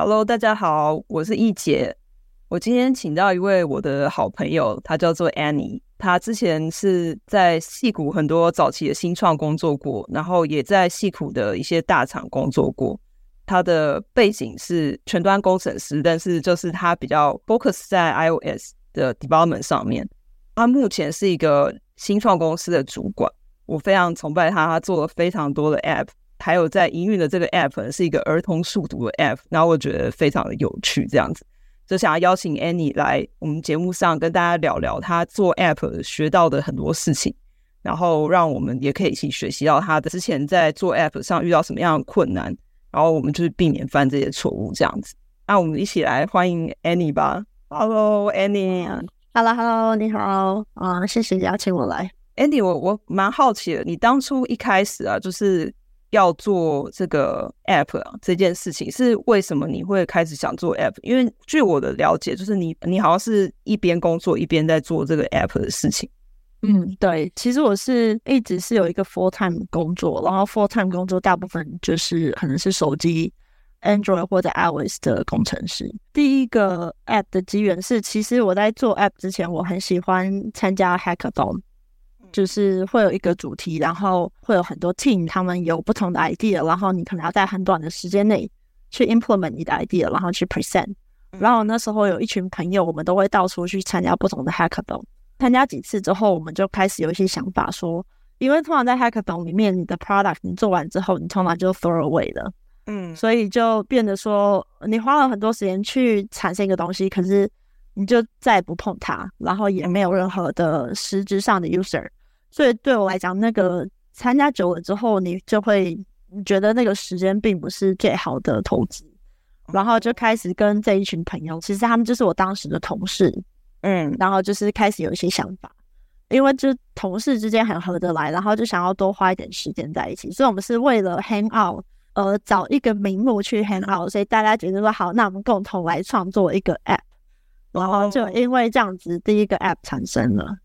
Hello，大家好，我是易姐。我今天請到一位我的好朋友，她叫做 Annie。她之前是在矽谷很多早期的新創工作過，然後也在矽谷的一些大廠工作過。她的背景是全端工程師，但是就是她比較 focus 在 iOS 的 development 上面。她目前是一個新創公司的主管，我非常崇拜她，她做了非常多的 app。還有在營運的這個 app 是一個兒童數獨的 app，然後我覺得非常的有趣，這樣子就想要邀請 Annie 來我們節目上跟大家聊聊她做 app 學到的很多事情，然後讓我們也可以一起學習到她的之前在做 app 上遇到什麼樣的困難，然後我們就是避免犯這些錯誤這樣子。那我們一起來歡迎 Annie 吧。Hello，Annie。Hello，Hello，你好。啊、uh，謝謝你邀請我來。Annie，我我蠻好奇的，你當初一開始啊，就是。要做這個 app 這件事情是為什麼你會開始想做 app？因為據我的了解，就是你你好像是一邊工作一邊在做這個 app 的事情。嗯，對，其實我是一直是有一個 full time 工作，然後 full time 工作大部分就是可能是手機 Android 或者 iOS 的工程師。第一個 app 的機緣是，其實我在做 app 之前，我很喜歡參加 Hackathon。就是會有一個主題，然後會有很多 team，他們有不同的 idea，然後你可能要在很短的時間內去 implement 你的 idea，然後去 present。然後那時候有一群朋友，我們都會到處去參加不同的 hackathon。參加幾次之後，我們就開始有一些想法說，說因為通常在 hackathon 裡面，你的 product 你做完之後，你通常就 throw away 了，嗯，所以就變得說你花了很多時間去產生一個東西，可是你就再也不碰它，然後也沒有任何的實質上的 user。所以對我來講，那個參加久了之後，你就會你覺得那個時間並不是最好的投資，然後就開始跟這一群朋友，其實他們就是我當時的同事，嗯，然後就是開始有一些想法，因為就同事之間很合得來，然後就想要多花一點時間在一起，所以我們是為了 hang out，呃，找一個名目去 hang out，所以大家覺得說好，那我們共同來創作一個 app，然後就因為這樣子，哦、第一個 app 產生了。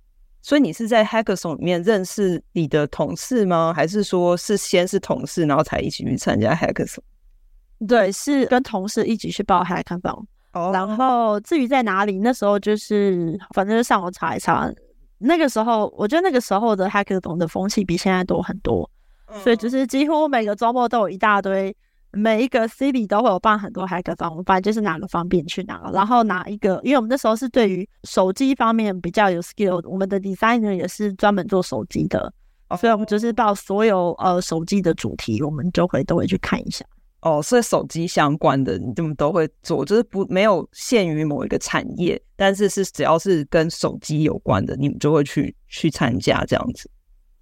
所以你是在 Hackathon 裡面認識你的同事嗎？還是說是先是同事，然後才一起去參加 Hackathon？對，是跟同事一起去報 Hackathon。Oh. 然後至於在哪裡，那時候就是反正就上網查一查。那個時候，我覺得那個時候的 Hackathon 的風氣比現在多很多，Oh. 所以就是幾乎每個週末都有一大堆。每一個 city 都會有放很多 hackathon，反正就是哪個方便去哪，然後哪一個，因為我們那時候是對於手機方面比較有 skill，我們的 designer 也是專門做手機的，所以我們就是把所有呃手機的主題，我們就會都會去看一下。哦，所以手機相關的你們都會做，就是不沒有限於某一個產業，但是是只要是跟手機有關的，你們就會去去參加這樣子。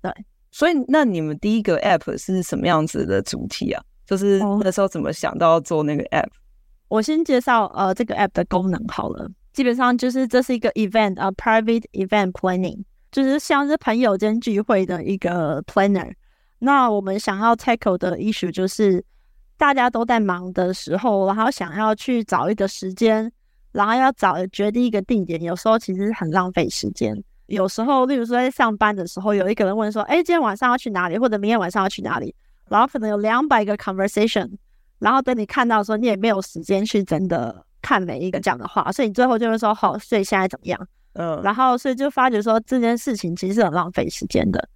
對，所以那你們第一個 app 是什麼樣子的主題啊？就是那時候怎麼想到做那個 app？Oh. 我先介紹呃這個 app 的功能好了，基本上就是這是一個 event，呃 private event planning，就是像是朋友間聚會的一個 planner。那我們想要 tackle 的 issue 就是大家都在忙的時候，然後想要去找一個時間，然後要找，呃，決定一個地點，有時候其實很浪費時間。有時候，例如說在上班的時候，有一個人問說：“哎，欸，今天晚上要去哪裡？或者明天晚上要去哪裡？”然後可能有兩百個 conversation，然後等你看到說你也沒有時間去真的看每一個講的話，所以你最後就會說好、哦，所以現在怎麼樣？嗯，然後所以就發覺說這件事情其實是很浪費時間的。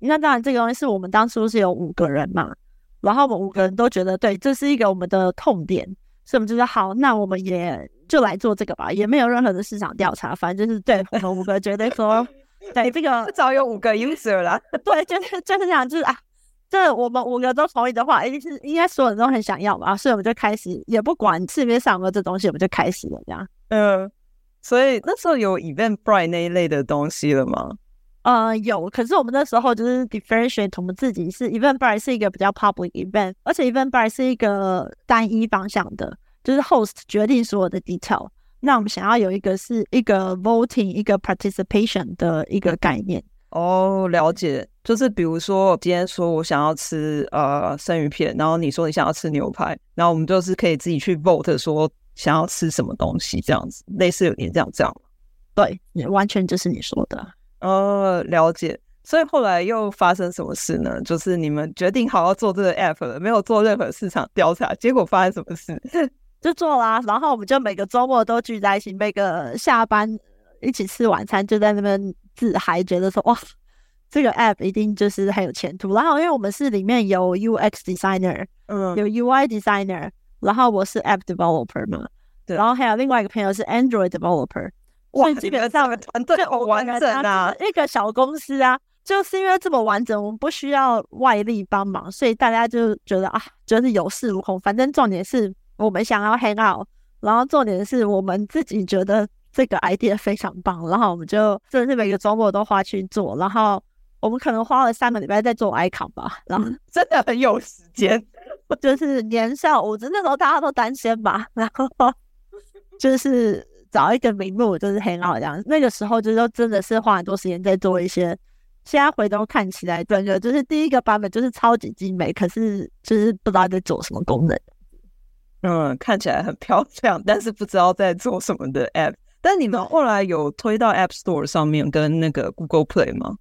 因為那當然這個東西是我們當初是有五個人嘛，然後我們五個人都覺得對，這是一個我們的痛點，所以我們就說好，那我們也就來做這個吧，也沒有任何的市場調查，反正就是對我們五個覺得說 對，這個至少有五個 user 了啦，對，就是就是這樣，就是啊。這我們五個都同意的話，一是應該所有人都很想要吧，所以我們就開始，也不管市面上有沒有這東西，我們就開始了這樣。呃，uh, 所以那時候有 Eventbrite 那一類的東西了嗎？呃，uh, 有，可是我們那時候就是 differentiate 我們自己是 Eventbrite 是一個比較 public event，而且 Eventbrite 是一個單一方向的，就是 host 決定所有的 detail。那我們想要有一個是一個 voting，一個 participation 的一個概念。哦，了解，就是比如說，我今天說我想要吃呃生魚片，然後你說你想要吃牛排，然後我們就是可以自己去 vote 說想要吃什麼東西這樣子，類似有點這樣這樣。對，也完全就是你說的。哦、呃，了解。所以後來又發生什麼事呢？就是你們決定好要做這個 app 了，沒有做任何市場調查，結果發生什麼事？就做啦。然後我們就每個周末都聚在一起，每個下班一起吃晚餐，就在那邊。自己還覺得說哇，這個 app 一定就是很有前途。然後因為我們是裡面有 UX designer，嗯，有 UI designer，然後我是 app developer 嘛，對，然後還有另外一個朋友是 Android developer，哇，所以基本上我們團隊好完整啊，一個小公司啊，啊就是因為這麼完整，我們不需要外力幫忙，所以大家就覺得啊，覺得是有恃無恐。反正重點是，我們想要 hang out。然後重點是我們自己覺得。這個 idea 非常棒，然後我們就真的是每個周末都花去做，然後我們可能花了三個禮拜在做 icon 吧，然後、嗯、真的很有時間，就是年少無知，那時候大家都擔心吧，然後就是找一個名目，就是很好這樣。那個時候就是都真的是花很多時間在做一些，現在回頭看起來真的，感覺就是第一個版本就是超級精美，可是就是不知道在做什麼功能。嗯，看起來很漂亮，但是不知道在做什麼的 app。但你們後來有推到 App Store 上面跟那個 Google Play 嗎？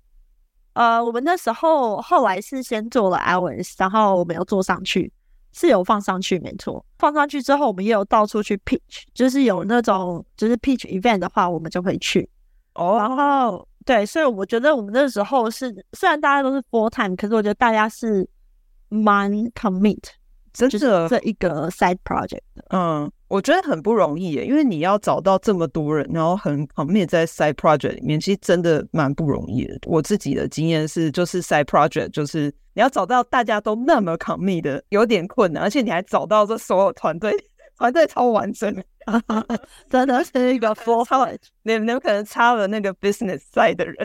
呃，uh, 我們那時候後來是先做了 iOS，然後我們有做上去，是有放上去，沒錯。放上去之後，我們也有到處去 pitch，就是有那種就是 pitch event 的話，我們就會去。哦。Oh. 然後對，所以我覺得我們那時候是，雖然大家都是 full time，可是我覺得大家是蠻 commit，真的就是這一個 side project。嗯。Uh. 我覺得很不容易耶，因為你要找到這麼多人，然後很 commit 在 side project 裡面，其實真的蠻不容易的。我自己的經驗是，就是 side project，就是你要找到大家都那麼 commit 的，有點困難，而且你還找到這所有團隊，團隊超完整，啊、真的是一個 full team，你們有沒有可能差了那個 business side 的人？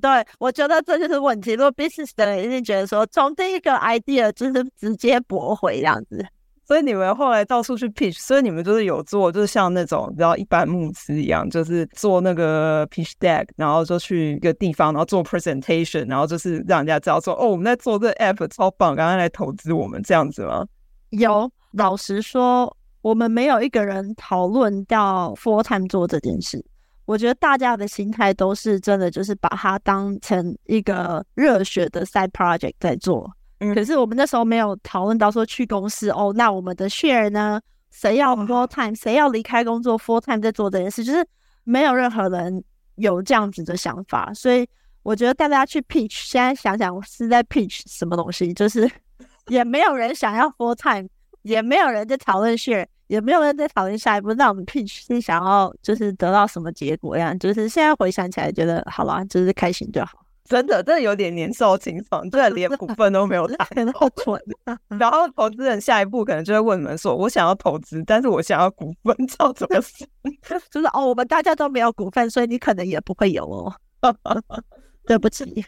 對，我覺得這就是問題，如果 business 的人一定覺得說，從第一個 idea 就是直接駁回這樣子。所以你們後來到處去 pitch，所以你們就是有做，就是像那種你知道一般募資一樣，就是做那個 pitch deck，然後就去一個地方，然後做 presentation，然後就是讓人家知道說哦，我們在做這個 app 超棒，剛剛來投資我們這樣子嗎？有，老實說，我們沒有一個人討論到 full time 做這件事。我覺得大家的心態都是真的，就是把它當成一個熱血的 side project 在做。可是我們那時候沒有討論到說去公司、嗯、哦，那我們的 share 呢？誰要 full time？誰要離開工作 full time 在做這件事？就是沒有任何人有這樣子的想法，所以我覺得帶大家去 pitch。現在想想我是在 pitch 什麼東西？就是也沒有人想要 full time， 也沒有人在討論 share，也沒有人在討論下一步，那我們 pitch 是想要就是得到什麼結果呀？就是現在回想起來覺得好吧，就是開心就好。真的，真的有點年少輕狂，真的連股份都沒有談到存。 好啊、然後投資人下一步可能就會問你們說：“我想要投資，但是我想要股份，知道怎麼分？”就是哦，我們大家都沒有股份，所以你可能也不會有哦。 對不起，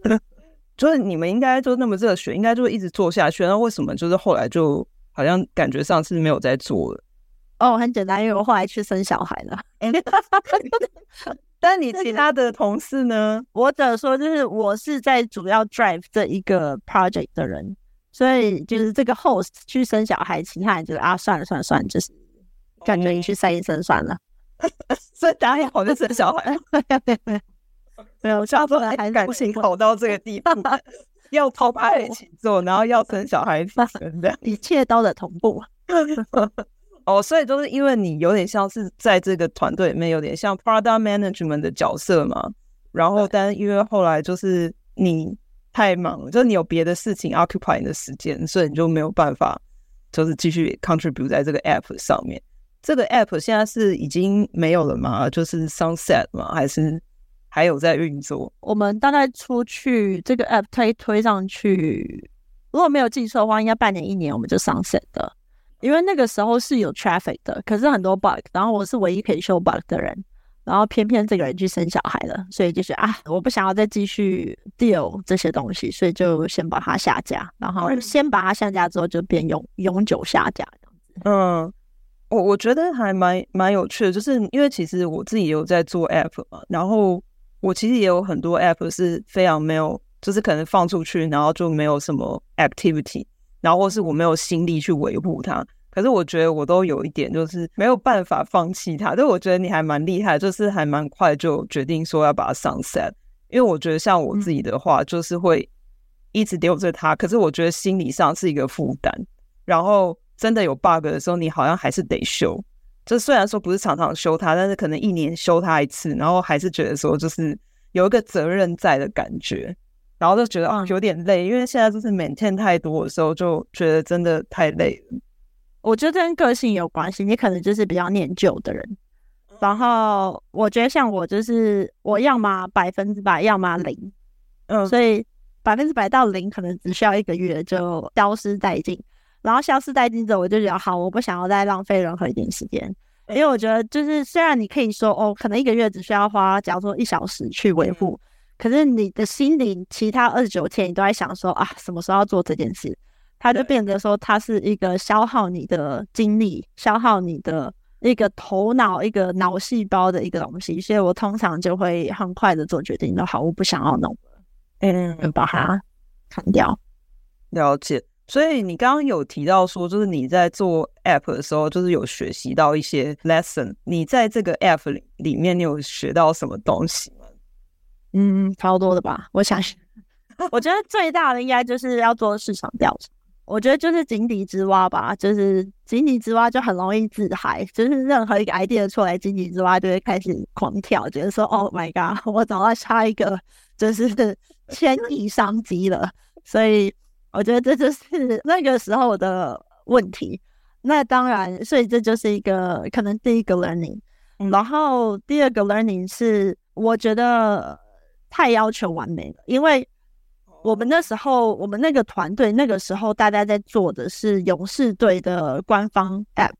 就是你們應該就那麼熱血，應該就一直做下去。那為什麼就是後來就好像感覺上是沒有在做了？哦，很簡單，因為我後來去生小孩了。 但你其他的同事呢？ 我只能說，就是我是在主要 drive 這一個 project 的人，所以就是這個 host 去生小孩，其他人就是啊，算了算了算了，就是感覺你去生一生算了， 所以大家我，就生小孩，對、 哎哎哎哎、沒有，下上次還感情跑到這個地方， 要拋開一起做， 然後要生小孩，這 一切都在同步。 哦，oh, 所以就是因為你有點像是在這個團隊裡面有點像 product management 的角色嘛，然後但是因為後來就是你太忙，Right. 就是你有別的事情 occupy 你的時間，所以你就沒有辦法就是繼續 contribute 在這個 app 上面。這個 app 現在是已經沒有了嗎？就是 sunset 嗎？還是還有在運作？我們大概出去這個 app 才推，推上去，如果沒有記錯的話，應該半年一年我們就 sunset 的。因為那個時候是有 traffic 的，可是很多 bug，然後我是唯一可以修 bug 的人，然後偏偏這個人去生小孩了，所以就是啊，我不想要再繼續 deal 這些東西，所以就先把它下架，然後先把它下架之後就變永永久下架。嗯，我我覺得還蠻蠻有趣的，就是因為其實我自己也有在做 app 嘛，然後我其實也有很多 app 是非常沒有，就是可能放出去，然後就沒有什麼 activity。然後或是我沒有心力去維護它，可是我覺得我都有一點就是沒有辦法放棄它。就我覺得你還蠻厲害，就是還蠻快就決定說要把它 sunset。因為我覺得像我自己的話，嗯、就是會一直丟着它。可是我覺得心理上是一個負擔。然後真的有 bug 的時候，你好像還是得修。就雖然說不是常常修它，但是可能一年修它一次，然後還是覺得說就是有一個責任在的感覺。然後就覺得啊，有點累，因為現在就是 maintain 太多的時候，就覺得真的太累了。我覺得跟個性有關係，你可能就是比較念舊的人。然後我覺得像我就是我要麼百分之百，要麼零。嗯，所以百分之百到零可能只需要一個月就消失殆盡。然後消失殆盡之後，我就覺得好，我不想要再浪費任何一點時間，因為我覺得就是雖然你可以說哦，可能一個月只需要花，假如說一小時去維護。嗯可是你的心裡，其他二十九天你都在想說啊，什麼時候要做這件事？它就變得說，它是一個消耗你的精力、對消耗你的一個頭腦、一個腦細胞的一個東西。所以我通常就會很快的做決定，都好，我不想要弄了，嗯，把它砍掉。了解。所以你剛剛有提到說，就是你在做 app 的時候，就是有學習到一些 lesson。你在這個 app 裡裡面，你有學到什麼東西？嗯，差不多了吧，我想想， 我覺得最大的應該就是要做市場調查。我覺得就是井底之蛙吧，就是井底之蛙就很容易自嗨，就是任何一個 idea 出來，井底之蛙就會開始狂跳，覺得說 “Oh my God”，我找到下一個就是千億商機了。所以我覺得這就是那個時候的問題。那當然，所以這就是一個可能第一個 learning，嗯、然後第二個 learning 是我覺得，太要求完美了，因為我們那時候，我們那個團隊那個時候，大家在做的是勇士隊的官方 App，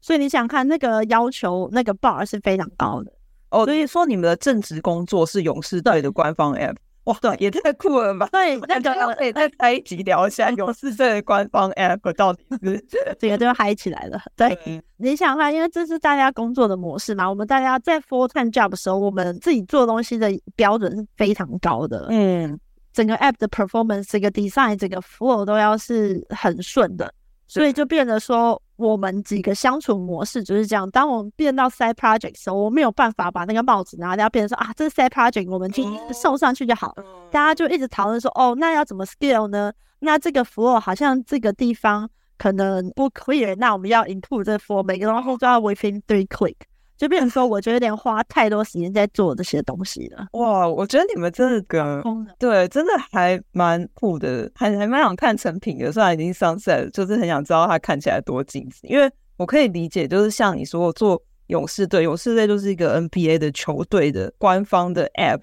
所以你想看那個要求那個 bar 是非常高的。哦，所以說，你們的正職工作是勇士隊的官方 App？哇，對，也太酷了吧！對 那那這樣可以再開一集聊一下勇士隊的官方 App 到底是，是這個都要嗨起來了。 對，嗯、你想看，因為這是大家工作的模式嘛。我們大家在 full time job 的時候，我們自己做東西的標準是非常高的。嗯，整個 App 的 performance、這個 design、整個 flow 都要是很順的。所以就變得說，我們幾個相處模式就是這樣。當我們變到 side project 時候，我沒有辦法把那個帽子拿掉，變成說啊，這個 side project，我們去送上去就好。大家就一直討論說，哦，那要怎麼 scale 呢？那這個 floor 好像這個地方可能不 clear，那我們要 input 這 floor，每個東西都要 within three click。就變成說，我就有點花太多時間在做這些東西了。哇，我覺得你們這個真的，對真的還蠻酷的，還還蠻想看成品的。雖然已經上線了，就是很想知道它看起來多精緻。因為我可以理解，就是像你說，做勇士隊，勇士隊就是一個 NBA 的球隊的官方的 App，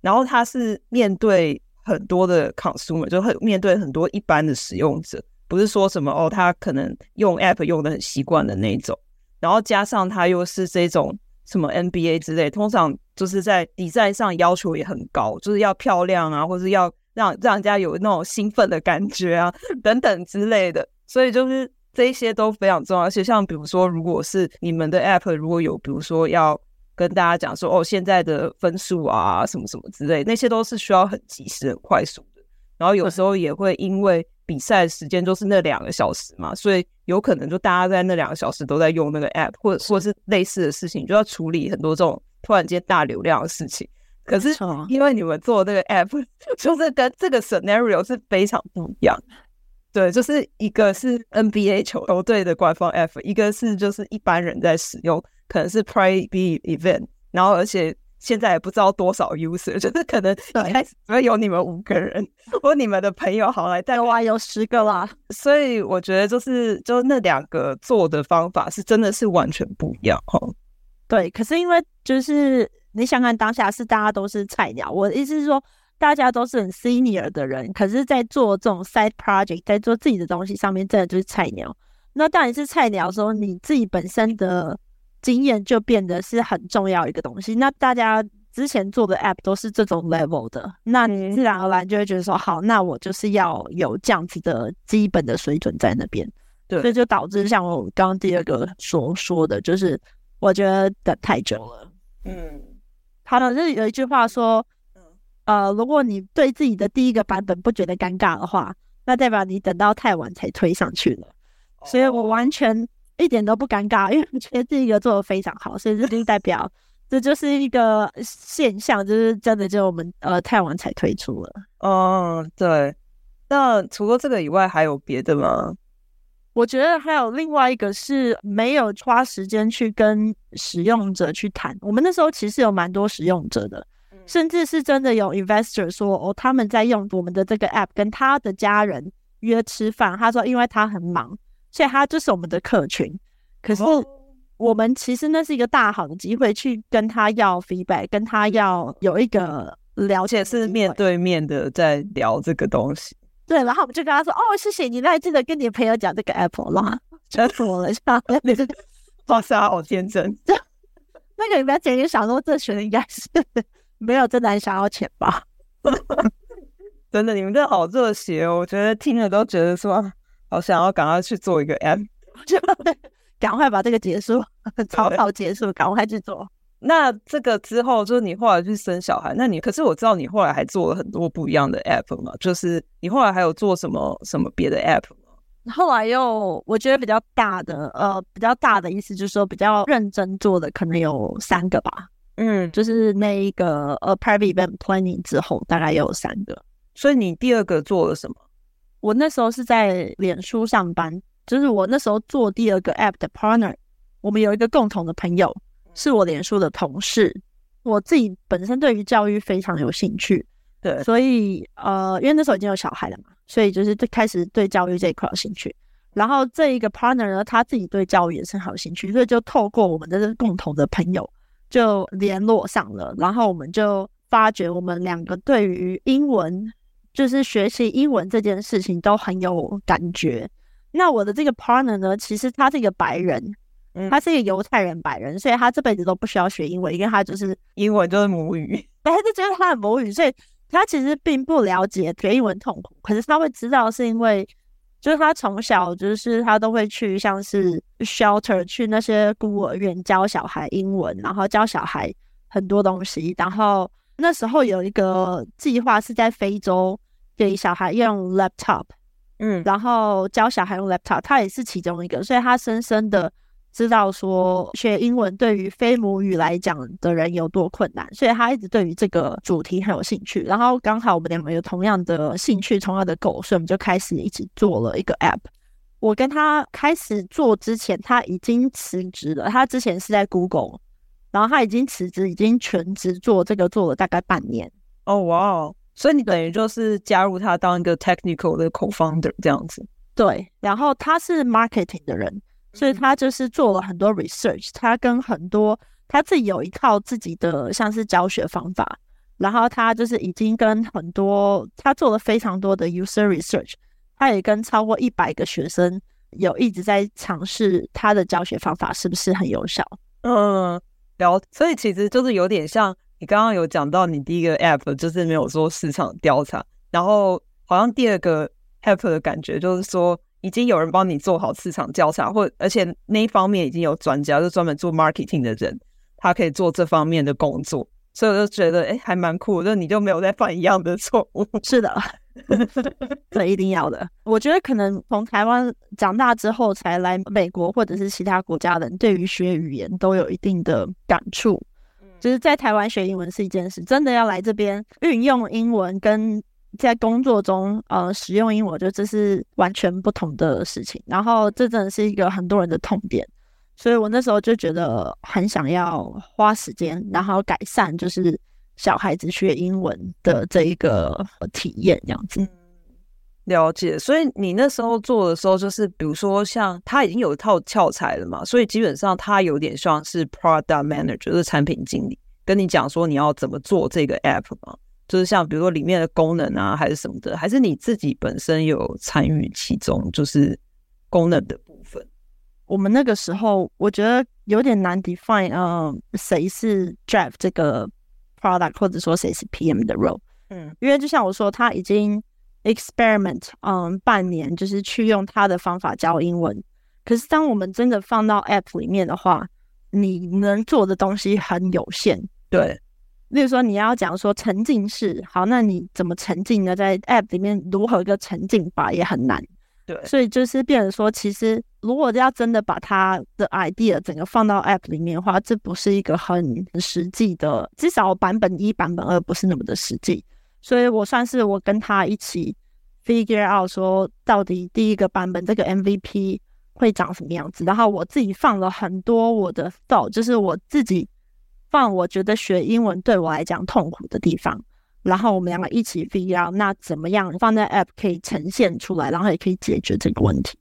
然後它是面對很多的 consumer，就很面對很多一般的使用者，不是說什麼哦，他可能用 App 用的很習慣的那一種。然後加上他又是這種什麼 NBA 之類，通常就是在 design 上要求也很高，就是要漂亮啊，或是要讓讓人家有那種興奮的感覺啊，等等之類的。所以就是這些都非常重要。而且像比如說，如果是你們的 app 如果有，比如說要跟大家講說哦，現在的分數啊什麼什麼之類，那些都是需要很及時、很快速的。然後有時候也會因為。比賽時間就是那兩個小時嘛，所以有可能就大家在那兩個小時都在用那個 app，或者或者是類似的事情，就要處理很多這種突然間大流量的事情。可是因為你們做那個 app，就是跟這個 scenario 是非常不一樣。對，就是一個是 NBA 球球隊的官方 app，一個是就是一般人在使用，可能是 private event，然後而且。現在也不知道多少用戶，就是可能一開始只有你們五個人，對或你們的朋友好來帶哇、啊，有十個啦。所以我覺得就是，就那兩個做的方法是真的是完全不一樣哈。對，可是因為就是你想看當下是大家都是菜鳥，我的意思是說大家都是很 senior 的人，可是，在做這種 side project，在做自己的東西上面，真的就是菜鳥。那當然是菜鳥的時候，說你自己本身的。經驗就變得是很重要一個東西。那大家之前做的 app 都是這種 level 的，那你自然而然就會覺得說，好，那我就是要有這樣子的基本的水準在那邊。對，所以就導致像我剛剛第二個所說的就是，我覺得等太久了。嗯，好的，就是有一句話說，呃，如果你對自己的第一個版本不覺得尷尬的話，那代表你等到太晚才推上去了。哦，所以我完全。 一點都不尷尬，因為我覺得這一個做的非常好，所以這就是代表這就是一個現象，就是真的，就我們呃太晚才推出了。嗯，oh, 對。那除了這個以外，還有別的嗎？我覺得還有另外一個是沒有花時間去跟使用者去談。我們那時候其實有蠻多使用者的，甚至是真的有 investor 說，哦，他們在用我們的這個 app，跟他的家人約吃飯。他說，因為他很忙。所以他就是我們的客群，可是我們其實那是一個大好的機會，去跟他要 feedback，跟他要有一個了解，而且是面對面的在聊這個東西。對，然後我們就跟他說：“哦，謝謝你，那還記得跟你朋友講這個 Apple 啦。”真服了，是吧？哇塞好，好天真！那個你不要直接想說，這群人應該是沒有真的想要錢吧？真的，你們這好熱血、哦，我覺得聽了都覺得是吧？好想要趕快去做一個 app，就趕快把這個結束，草草對結束，趕快去做。那這個之後，就是你後來去生小孩，那你，可是我知道你後來還做了很多不一樣的 app 嘛，就是你後來還有做什麼什麼別的 app 嗎？後來又我覺得比較大的，呃，比較大的意思就是說比較認真做的，可能有三個吧。嗯，就是那一個呃 private event planning 之後，大概也有三個。所以你第二個做了什麼？我那時候是在臉書上班，就是我那時候做第二個 App 的 partner，我們有一個共同的朋友，是我臉書的同事。我自己本身對於教育非常有興趣，對，所以呃，因為那時候已經有小孩了嘛，所以就是最開始對教育這一塊有興趣。然後這一個 partner 呢，他自己對教育也是很有興趣，所以就透過我們的共同的朋友就聯絡上了，然後我們就發覺我們兩個對於英文。就是學習英文這件事情都很有感覺。那我的這個 partner 呢，其實他是一個白人，嗯，他是一個猶太人白人，所以他這輩子都不需要學英文，因為他就是英文就是母語。大家就覺得他的母語，所以他其實並不了解學英文痛苦。可是他會知道，是因為就是他從小就是他都會去像是 shelter 去那些孤兒院教小孩英文，然後教小孩很多東西。然後那時候有一個計劃是在非洲，給小孩用 laptop，嗯，然後教小孩用 laptop，他也是其中一個，所以他深深的知道說學英文對於非母語來講的人有多困難，所以他一直對於這個主題很有興趣。然後剛好我們兩個有同樣的興趣，同樣的狗，所以我們就開始一起做了一個 app。我跟他開始做之前，他已經辭職了，他之前是在 Google，然後他已經辭職，已經全職做這個做了大概半年。哦，哇。所以你等於就是加入他當一個 technical 的 co-founder 這樣子。對，然後他是 marketing 的人，所以他就是做了很多 research，嗯。他跟很多，他自己有一套自己的像是教學方法。然後他就是已經跟很多，他做了非常多的 user research。他也跟超過一百個學生有一直在嘗試他的教學方法是不是很有效？嗯，聊，所以其實就是有點像。你剛剛有講到，你第一個 app 就是沒有做市場調查，然後好像第二個 app 的感覺就是說，已經有人幫你做好市場調查，或而且那一方面已經有專家，就專門做 marketing 的人，他可以做這方面的工作，所以我就覺得哎，還蠻酷。那你就沒有再犯一樣的錯誤？是的， 這一定要的。我覺得可能從台灣長大之後，才來美國或者是其他國家的人，對於學語言都有一定的感觸。其實，在台灣學英文是一件事，真的要來這邊運用英文，跟在工作中呃使用英文，我覺得這是完全不同的事情。然後，這真的是一個很多人的痛點，所以我那時候就覺得很想要花時間，然後改善就是小孩子學英文的這一個體驗這樣子。了解，所以你那時候做的時候，就是比如說像他已經有一套教材了嘛，所以基本上他有點像是 product manager，就是產品經理跟你講說你要怎麼做這個 app 嘛。就是像比如說裡面的功能啊，還是什麼的，還是你自己本身有參與其中，就是功能的部分？我們那個時候我覺得有點難 define，嗯、呃，誰是 drive 這個 product 或者說誰是 PM 的 role？嗯，因為就像我說，他已經。experiment，嗯，半年就是去用他的方法教英文。可是當我們真的放到 app 裡面的話，你能做的東西很有限。對，例如說你要講說沉浸式，好，那你怎麼沉浸呢？在 app 裡面如何一個沉浸法也很難。對，所以就是變成說，其實如果要真的把他的 idea 整個放到 app 裡面的話，這不是一個很實際的，至少版本一、版本二不是那麼的實際。所以我算是我跟他一起 figure out 說到底第一個版本這個 MVP 會長什麼樣子，然後我自己放了很多我的 thought，就是我自己放我覺得學英文對我來講痛苦的地方，然後我們兩個一起 figure out 那怎麼樣放在 app 可以呈現出來，然後也可以解決這個問題。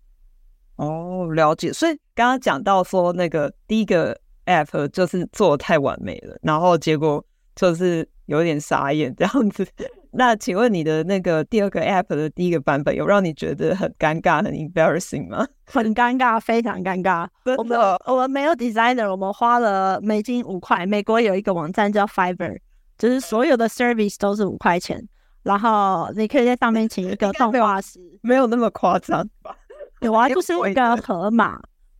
哦，了解。所以剛剛講到說那個第一個 app 就是做的太完美了，然後結果。就是有點傻眼這樣子。 那請問你的那個第二個 app 的第一個版本有讓你覺得很尷尬、很 embarrassing 嗎？很尷尬，非常尷尬。真的？我們我們沒有 designer，我們花了美金五塊。美國有一個網站叫 Fiverr，就是所有的 service 都是五塊錢。然後你可以在上面請一個動畫師， 沒有那麼誇張吧？有啊，就是一個河馬。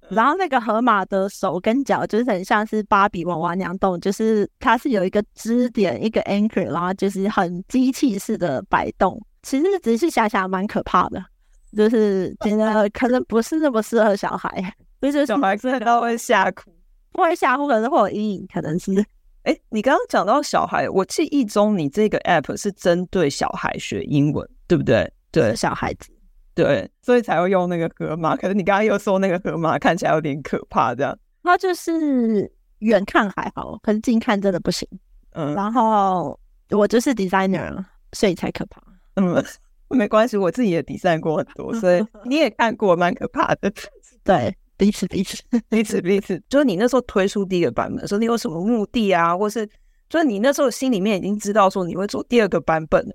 然後那個河馬的手跟腳就是很像是芭比娃娃那樣動，就是它是有一個支點一個 anchor，然後就是很機器式的擺動。其實仔細想想蠻可怕的，就是覺得可能不是那麼適合小孩，因為、 就是、小孩可能會嚇哭，不會嚇哭可能會有陰影，可能是。哎，你剛剛講到小孩，我記憶中你這個 app 是針對小孩學英文，對不對？對，小孩子。對，所以才會用那個河馬。可是你剛剛又說那個河馬看起來有點可怕，這樣。它就是遠看還好，可是近看真的不行。嗯，然後我就是 designer，所以才可怕。嗯，沒關係，我自己也 design 過很多， 所以你也看過蠻可怕的。 對，彼此彼此 彼此彼此。就是你那時候推出第一個版本，說你有什麼目的啊，或是就是你那時候心裡面已經知道說你會做第二個版本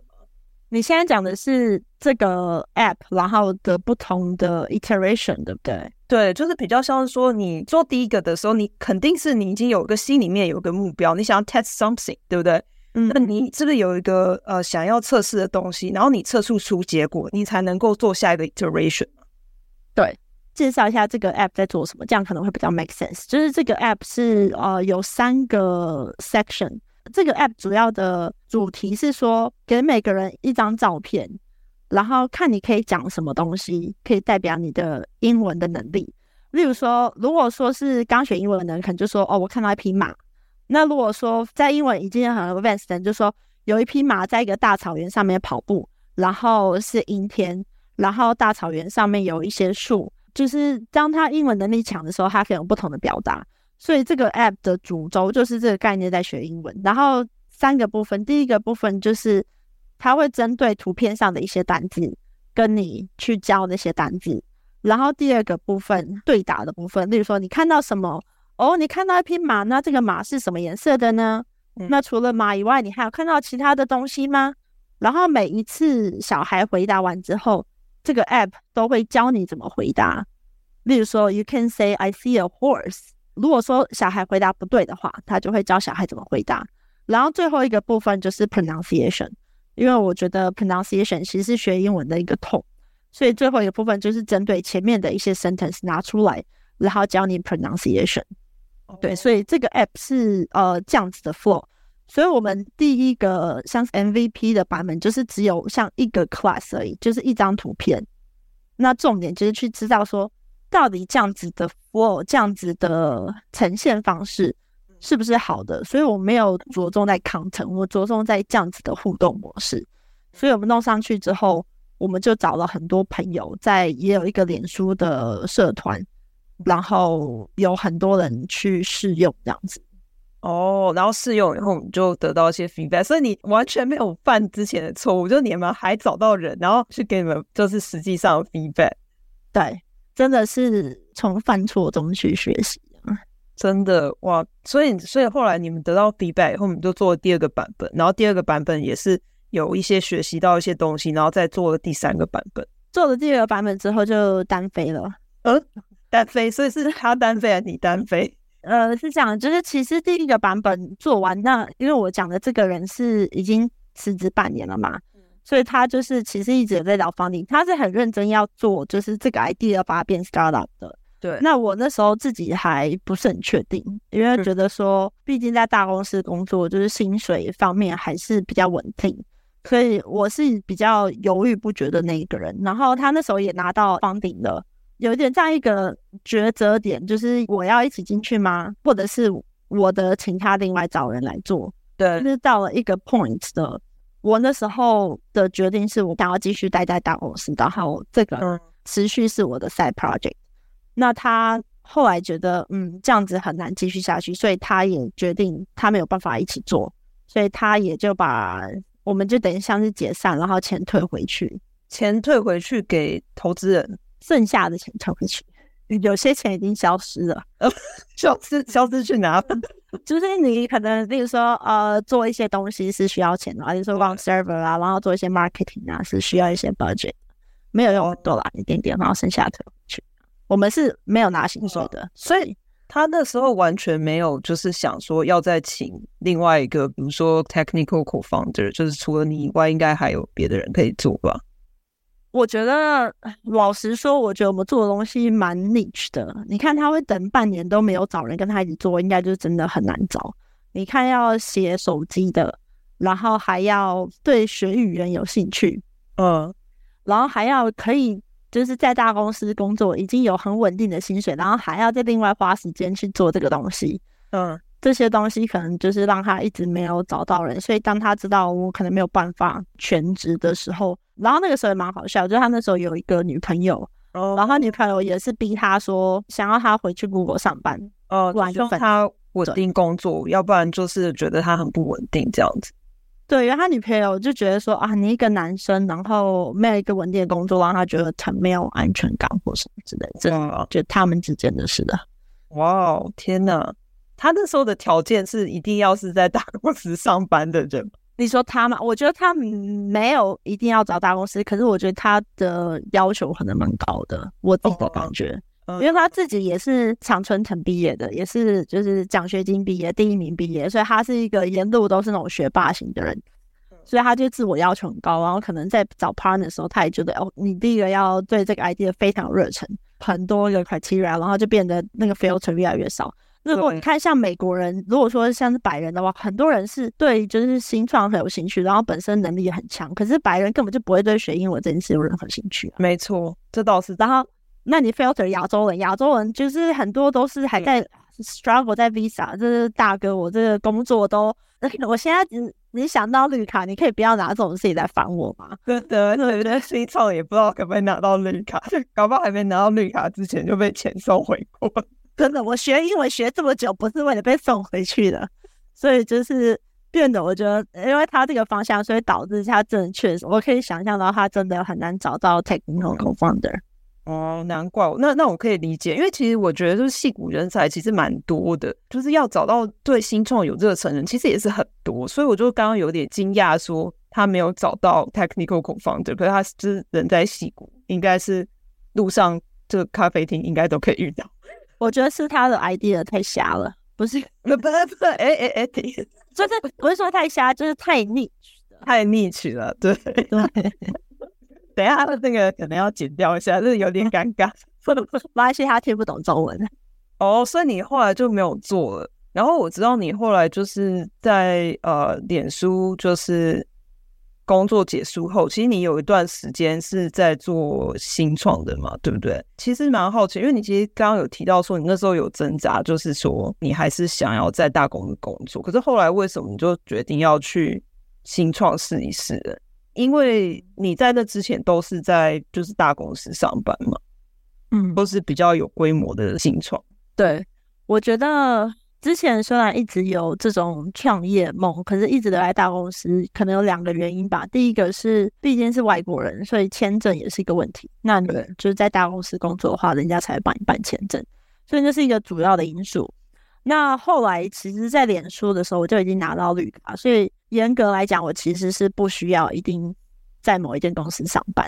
你現在講的是這個 app，然後的不同的 iteration，對不對？對，就是比較像是說你做第一個的時候，你肯定是你已經有一個心裡面有個目標，你想要 test something，對不對？嗯，那你是不是有一個呃想要測試的東西，然後你測試出結果，你才能夠做下一個 iteration？對，介紹一下這個 app 在做什麼，這樣可能會比較 make sense。就是這個 app 是呃有三個 section。這個 app 主要的主題是說，給每個人一張照片，然後看你可以講什麼東西，可以代表你的英文的能力。例如說，如果說是剛學英文的人，可能就說：“哦，我看到一匹馬。”那如果說在英文已經很 advanced 的人，就說：“有一匹馬在一個大草原上面跑步，然後是陰天，然後大草原上面有一些樹。”就是當他英文能力強的時候，他可以有不同的表達。所以這個 app 的主軸就是這個概念，在學英文。然後三個部分，第一個部分就是它會針對圖片上的一些單字跟你去教那些單字，然後第二個部分對答的部分，例如說你看到什麼？哦，你看到一匹馬，那這個馬是什麼顏色的呢？嗯。那除了馬以外，你還有看到其他的東西嗎？然後每一次小孩回答完之後，這個 app 都會教你怎麼回答。例如說，You can say, I see a horse。如果說小孩回答不對的話，他就會教小孩怎麼回答。然後最後一個部分就是 pronunciation，因為我覺得 pronunciation 其實是學英文的一個痛，所以最後一個部分就是針對前面的一些 sentence 拿出來，然後教你 pronunciation。對，所以這個 app 是呃，這樣子的 flow。所以我們第一個像是 MVP 的版本就是只有像一個 class 而已，就是一張圖片。那重點就是去知道說，到底這樣子的我這樣子的呈現方式是不是好的？所以我沒有着重在 content，我着重在這樣子的互動模式。所以我們弄上去之後，我們就找了很多朋友，在也有一個臉書的社團，然後有很多人去試用這樣子。哦，oh, 然後試用以後，我們就得到一些 feedback。所以你完全沒有犯之前的錯誤，就你們還找到人，然後去給你們就是實際上 feedback。對。真的是從犯錯中去學習啊！真的哇，所以所以後來你們得到 feedback 以後，你們就做了第二個版本，然後第二個版本也是有一些學習到一些東西，然後再做了第三個版本。做了第二個版本之後就單飛了，呃，單飛，所以是他單飛還是你單飛？呃，是這樣，就是其實第一個版本做完，那因為我講的這個人是已經辭職半年了嘛。所以他就是其實一直有在找 funding，他是很認真要做，就是這個 idea 把它變 startup 的。對。那我那時候自己還不是很確定，因為覺得說，畢竟在大公司工作，就是薪水方面還是比較穩定，所以我是比較猶豫不決的那一個人。然後他那時候也拿到 funding 了，有一點像一個抉擇點，就是我要一起進去嗎？或者是我的，請他另外找人來做？對。就是到了一個 point 的。我那時候的決定是，我想要繼續待在大公司，然後這個持續是我的 side project。嗯，那他後來覺得，嗯，這樣子很難繼續下去，所以他也決定他沒有辦法一起做，所以他也就把，我們就等於像是解散，然後錢退回去，錢退回去給投資人，剩下的錢退回去。有些錢已經消失了，消失消失去哪？ 就是你可能，例如說，呃，做一些東西是需要錢的，比、啊、如說 run server 啊，然後做一些 marketing 啊，是需要一些 budget，沒有用很多啦，哦、一點點，然後剩下退回去。我們是沒有拿薪水的，哇所以，所以他那時候完全沒有就是想說要再請另外一個，比如說 technical cofounder，就是除了你以外，應該還有別的人可以做吧？我覺得老實說，我覺得我們做的東西蠻 niche 的。你看，他會等半年都沒有找人跟他一起做，應該就是真的很難找。你看，要寫手機的，然後還要對學語言有興趣，嗯，然後還要可以就是在大公司工作已經有很穩定的薪水，然後還要再另外花時間去做這個東西，嗯，這些東西可能就是讓他一直沒有找到人。所以當他知道我可能沒有辦法全職的時候。然後那個時候也蠻好笑，就是他那時候有一個女朋友，oh. 然後他女朋友也是逼他說，想要他回去 Google 上班，oh, 就留他穩定工作，對要不然就是覺得他很不穩定這樣子。對，然後他女朋友就覺得說啊，你一個男生，然後沒有一個穩定的工作，讓他覺得他沒有安全感或什麼之類的，這就他們之間的事的。哇，oh. wow, 天哪！他那時候的條件是一定要是在大公司上班的人。你說他嘛？我覺得他沒有一定要找大公司，可是我覺得他的要求可能蠻高的，我自己的感覺。Oh, oh, oh. 因為他自己也是常春藤畢業的，也是就是獎學金畢業第一名畢業，所以他是一個沿路都是那種學霸型的人，所以他就自我要求很高。然後可能在找 partner 的時候，他也覺得哦，你第一個要對這個 idea 非常有熱忱。很多一個 criteria，然後就變得那個 filter 越來越少。如果你看像美國人，對如果說像是白人的話，很多人是對就是新創很有興趣，然後本身能力也很強。可是白人根本就不會對學英文這件事有任何興趣、啊。沒錯，這倒是。然後，那你 filter 亞洲人，亞洲人就是很多都是還在 struggle 在 visa、嗯、就是大哥，我這個工作都……我現在你想到綠卡，你可以不要拿這種事情來煩我嗎？對對，新創 也不知道可不可以拿到綠卡，搞不好還沒拿到綠卡之前就被遣送回國。真的，我學英文學這麼久，不是為了被送回去的。所以就是變得，我覺得因為他這個方向，所以導致他正確。我可以想象到，他真的很難找到 technical cofounder。哦，難怪。那那我可以理解，因為其實我覺得就是矽谷人才其實蠻多的，就是要找到對新創有熱忱人，其實也是很多。所以我就剛剛有點驚訝，說他沒有找到 technical cofounder，可是他是人在矽谷，應該是路上這個咖啡廳應該都可以遇到。我覺得是他的 idea 太瞎了，不是，不不不，哎哎哎，就是不是說太瞎，就是太 niche 太 niche 了，對對。 等一下，他的那個可能要剪掉一下，是有點尷尬。 不，沒關係，他聽不懂中文。哦，所以你後來就沒有做了。然後我知道你後來就是在呃，臉書就是。工作結束後，其實你有一段時間是在做新創的嘛，對不對？其實蠻好奇，因為你其實剛剛有提到說你那時候有掙扎，就是說你還是想要在大公司工作，可是後來為什麼你就決定要去新創試一試？因為你在那之前都是在就是大公司上班嘛，嗯，都是比較有規模的新創。對，我覺得。之前雖然一直有這種創業夢，可是一直都在大公司，可能有兩個原因吧。第一個是畢竟是外國人，所以簽證也是一個問題。那你就是在大公司工作的話，人家才會幫你辦簽證，所以那是一個主要的因素。那後來其實，在臉書的時候，我就已經拿到綠卡，所以嚴格來講，我其實是不需要一定在某一間公司上班。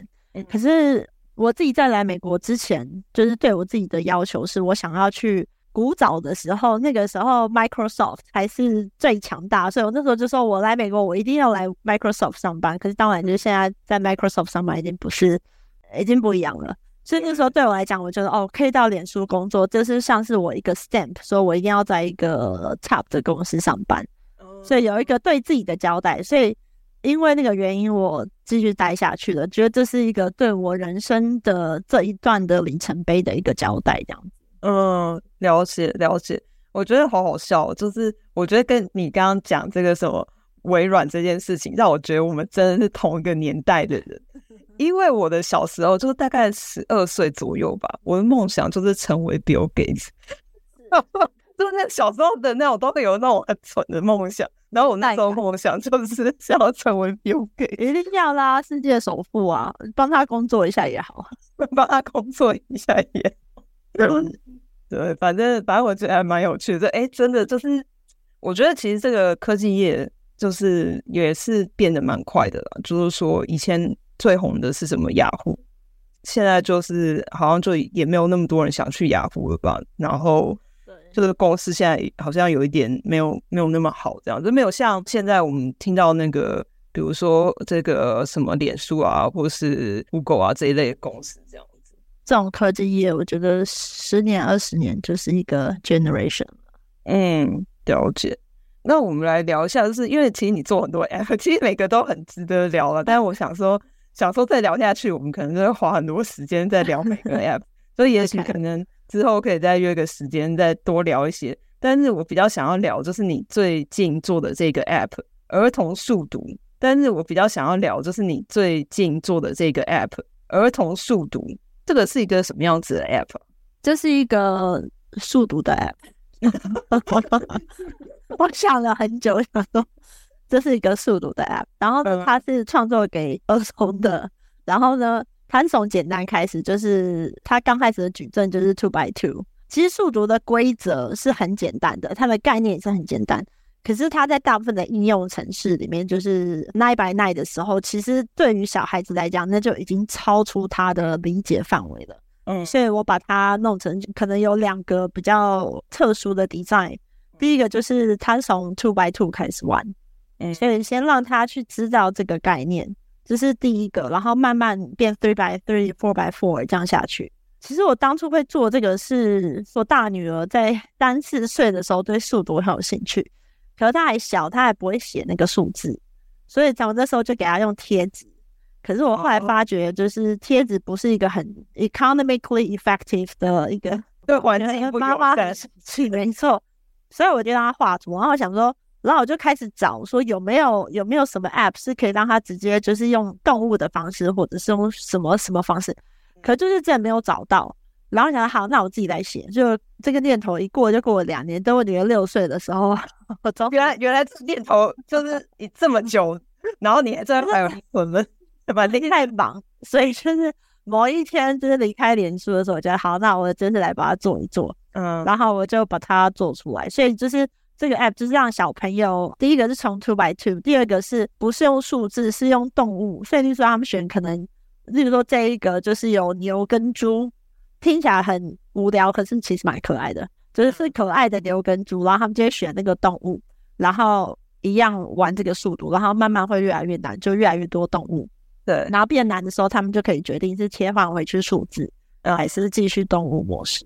可是我自己在來美國之前，就是對我自己的要求是，我想要去。古早的時候，那個時候 Microsoft 還是最強大，所以我那時候就說，我來美國，我一定要來 Microsoft 上班。可是當然，就現在在 Microsoft 上班已經不是，已經不一樣了。所以那時候對我來講，我覺得哦，可以到臉書工作，這是像是我一個 stamp，說我一定要在一個 top 的公司上班，所以有一個對自己的交代。所以因為那個原因，我繼續待下去了，覺得這是一個對我人生的這一段的里程碑的一個交代，這樣子。嗯、呃。了解了解，我覺得好好笑哦，就是我覺得跟你剛剛講這個什麼微軟這件事情，讓我覺得我們真的是同一個年代的人。因為我的小時候就是大概十二歲左右吧，我的夢想就是成為 Bill Gates。是 就是那小時候的那種都會有那種很蠢的夢想。然後我那時候夢想就是想要成為 Bill Gates，一定要啦，世界首富啊，幫他工作一下也好，幫 他工作一下也好。 就是對，反正反正我覺得還蠻有趣的。哎，真的就是，我覺得其實這個科技業就是也是變得蠻快的啦。就是說以前最紅的是什麼雅虎，現在就是好像就也沒有那麼多人想去雅虎、ah、了吧？然後，對，這個公司現在好像有一點沒有沒有那麼好，這樣就沒有像現在我們聽到那個，比如說這個什麼臉書啊，或者是 Google 啊這一類的公司這樣。這種科技業，我覺得十年、二十年就是一個 generation 了。嗯，了解。那我們來聊一下，就是因為其實你做很多 app，其實每個都很值得聊了。但是我想說，想說再聊下去，我們可能就會花很多時間在聊每個 app， 所以也許可能之後可以再約個時間，再多聊一些。 但是我比較想要聊，就是你最近做的這個 app 兒童數獨。但是我比較想要聊，就是你最近做的這個 app 兒童數獨。這個是一個什麼樣子的 app？這是一個數獨的 app。 我想了很久，想說這是一個數獨的 app。然後它是創作給兒童的，然後呢，它是從簡單開始，就是它剛開始的矩陣就是 two by two。其實數獨的規則是很簡單的，它的概念也是很簡單。可是他在大部分的應用程式裡面，就是 nine by nine 的時候，其實對於小孩子來講，那就已經超出他的理解範圍了。嗯，所以我把它弄成可能有兩個比較特殊的 design。第一個就是他從 two by two 開始玩，嗯，所以先讓他去知道這個概念，這、就是第一個，然後慢慢變 three by three、four by four 這樣下去。其實我當初會做這個是說，大女兒在三四歲的時候對數獨很有興趣。可是他還小，他還不會寫那個數字，所以講我那時候就給他用貼紙。可是我後來發覺，就是貼紙不是一個很 economically effective 的一個對環境不友善。媽媽是沒錯，所以我就讓他畫圖。然後我想說，然後我就開始找，說有沒有有沒有什麼 app 是可以讓他直接就是用動物的方式，或者是用什麼什麼方式？可是就是這沒有找到。然後想好，那我自己來寫。就這個念頭一過，就過了兩年。等我女兒六歲的時候，我從， 原來原來這念頭就是你這麼久。 然後你還在外有、 哎、我們，對吧？你太忙，所以就是某一天就是離開臉書的時候，我覺得好，那我真是來把它做一做。嗯，然後我就把它做出來。所以就是這個 App 就是讓小朋友，第一個是從 two by two，第二個是不是用數字，是用動物。所以你說他們選可能，例如說這一個就是有牛跟豬。聽起來很無聊，可是其實蠻可愛的，就是是可愛的牛跟豬，然後他們就會選那個動物，然後一樣玩這個速度，然後慢慢會越來越難，就越來越多動物。對，然後變難的時候，他們就可以決定是切換回去數字，呃，還是繼續動物模式。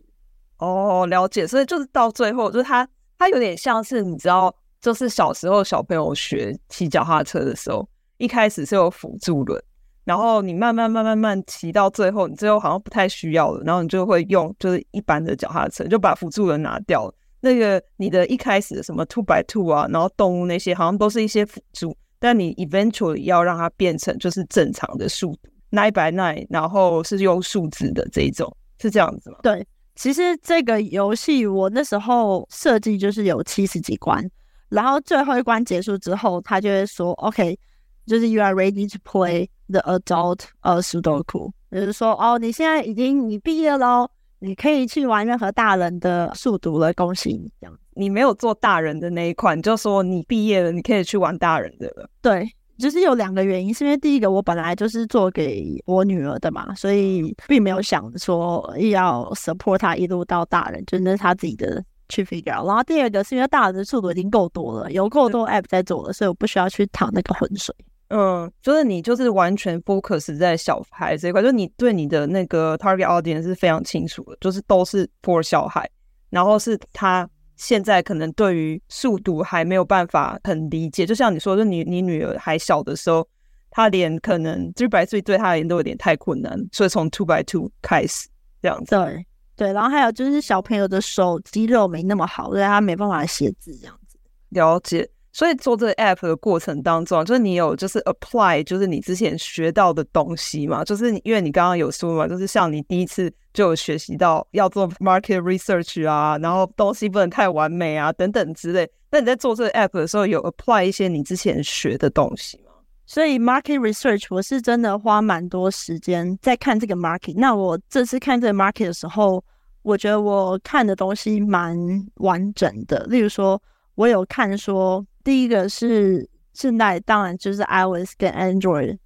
哦，了解，所以就是到最後，就是它它有點像是你知道，就是小時候小朋友學騎腳踏車的時候，一開始是有輔助輪。然後你慢，慢慢慢慢慢騎到最後，你最後好像不太需要了，然後你就會用就是一般的腳踏車，就把輔助的拿掉。那個你的一開始的什麼 two by two 啊，然後動物那些好像都是一些輔助，但你 eventually 要讓它變成就是正常的速度 nine by nine，然後是用數字的這一種，是這樣子嗎？對，其實這個遊戲我那時候設計就是有七十幾關，然後最後一關結束之後，他就會說 OK，就是 You are ready to play。The adult s 呃 Sudoku 也就是說哦，你現在已經你畢業嘍，你可以去玩任何大人的數獨了，恭喜你！這樣你沒有做大人的那一款，就說你畢業了，你可以去玩大人的了。對，就是有兩個原因，是因為第一個我本來就是做給我女兒的嘛，所以並沒有想說要 support 她一路到大人，就是她自己的去 figure。然後第二個是因為大人的數獨已經夠多了，有夠多 app 在做了，所以我不需要去趟那個渾水。嗯，就是你就是完全 focus 在小孩這一塊，就你對你的那個 target audience 是非常清楚的，就是都是 for 小孩，然後是他現在可能對於數獨還沒有辦法很理解，就像你說，就你你女兒還小的時候，他連可能就是 three by three 對他而言都有點太困難，所以從 two by two 開始這樣子。對對，然後還有就是小朋友的手肌肉沒那麼好，所以他沒辦法寫字這樣子。了解。所以做這個 app 的過程當中，就是你有就是 apply，就是你之前學到的東西嘛？就是因為你剛剛有說嘛，就是像你第一次就有學習到要做 market research 啊，然後東西不能太完美啊等等之類。那你在做這個 app 的時候，有 apply 一些你之前學的東西嗎？所以 market research，我是真的花蠻多時間在看這個 market。那我這次看這個 market 的時候，我覺得我看的東西蠻完整的。例如說，我有看說。第一個是現在，當然就是 iOS 跟 Android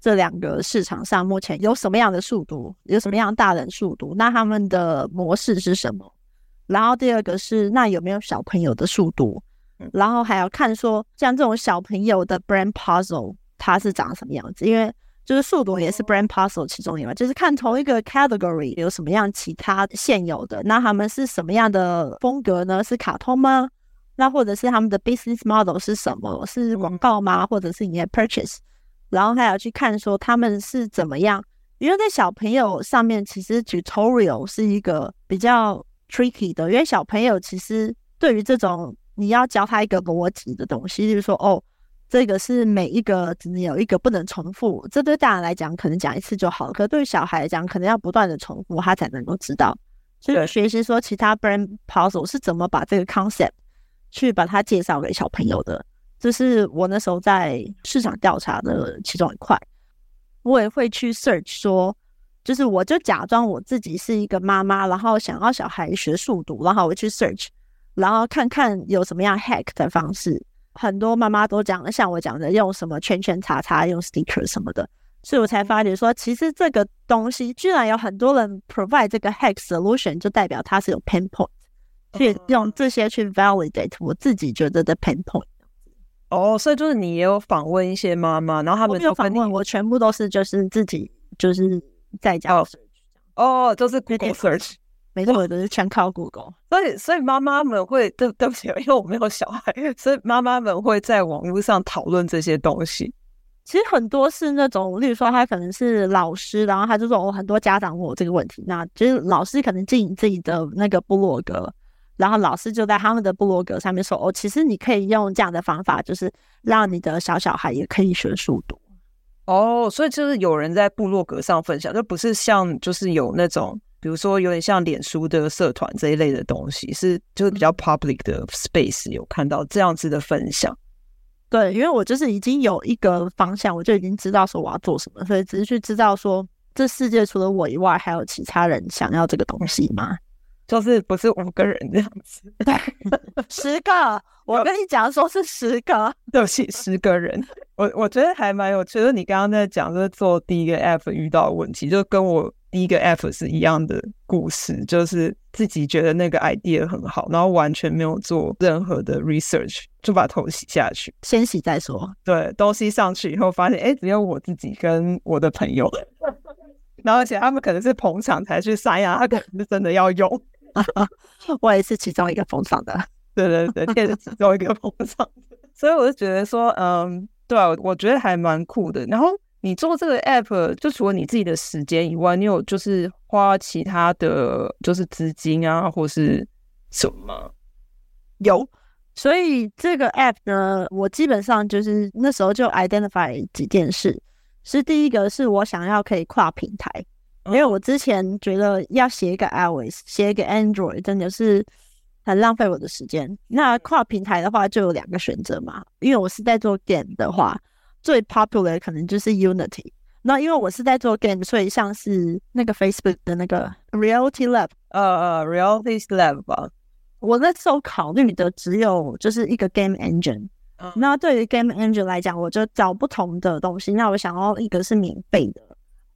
這兩個市場上目前有什麼樣的數獨，有什麼樣大人數獨，那他們的模式是什麼？然後第二個是，那有沒有小朋友的數獨？然後還要看說，像這種小朋友的 brand puzzle 它是長什麼樣子？因為就是數獨也是 brand puzzle 其中一個，就是看同一個 category 有什麼樣其他現有的，那他們是什麼樣的風格呢？是卡通嗎？那或者是他們的 business model 是什麼？是廣告嗎？或者是你的 purchase？然後他要去看說他們是怎麼樣。因為在小朋友上面，其實 tutorial 是一個比較 tricky 的，因為小朋友其實對於這種你要教他一個邏輯的東西，就是說哦，這個是每一個只能有一個不能重複。這對大人來講可能講一次就好了，可對於小孩來講可能要不斷的重複他才能夠知道。所以學習說其他 brand puzzle 是怎麼把這個 concept。去把它介紹給小朋友的，這就是我那時候在市場調查的其中一塊。我也會去 search，說，就是我就假裝我自己是一個媽媽，然後想要小孩學數獨，然後我去 search，然後看看有什麼樣 hack 的方式。很多媽媽都講了，像我講的，用什麼圈圈叉叉，用 sticker 什麼的。所以我才發覺說，其實這個東西居然有很多人 provide 這個 hack solution，就代表它是有 pain point。Uh huh. 去用這些去 validate 我自己覺得的 pain point，哦，oh，所以就是你也有訪問一些媽媽，然後他們有訪問我，全部都是就是自己就是在家哦，oh. Oh, 就是 Google search，沒錯，就是全靠 Google。所以，oh.，所以媽媽們會對，對不起，因為我沒有小孩，所以媽媽們會在網絡上討論這些東西。其實很多是那種，例如說，他可能是老師，然後他就說，很多家長問我這個問題，那其實老師可能進你自己的那個部落格。然後老師就在他們的部落格上面說：“哦，其實你可以用這樣的方法，就是讓你的小小孩也可以學數獨。”哦，所以就是有人在部落格上分享，就不是像就是有那種，比如說有點像臉書的社團這一類的東西，是就是比較 public 的 space 有看到這樣子的分享。對，因為我就是已經有一個方向，我就已經知道說我要做什麼，所以只是去知道說這世界除了我以外，還有其他人想要這個東西嗎？就是不是五個人這樣子，對，十個。我跟你講說是十個，對不起，十個人。我我覺得還蠻，有趣的，覺得你剛剛在講就是做第一個 app 遇到的問題，就跟我第一個 app 是一樣的故事，就是自己覺得那個 idea 很好，然後完全沒有做任何的 research，就把頭洗下去，先洗再說。對，東西上去以後發現，哎、欸，只有我自己跟我的朋友，然後而且他們可能是捧場才去塞啊，他可能是真的要用。 我也是其中一個封上的。 對對對，也是其中一個封上的。 所以我就覺得說，嗯，對啊，我覺得還蠻酷的。然後你做這個 app，就除了你自己的時間以外，你有就是花其他的就是資金啊，或是什麼？有。所以這個 app 呢，我基本上就是那時候就 identify 幾件事，是第一個是我想要可以跨平台。因為我之前覺得要寫一個 iOS，寫一個 Android 真的是很浪費我的時間。那跨平台的話就有兩個選擇嘛。因為我是在做 game 的話，最 popular 可能就是 Unity。那因為我是在做 game，所以像是那個 Facebook 的那個 Reality Lab, uh, uh, Reality's Lab，呃，Reality's Lab 吧。我那時候考慮的只有就是一個 game engine。那對於 game engine 來講，我就找不同的東西。那我想要一個是免費的。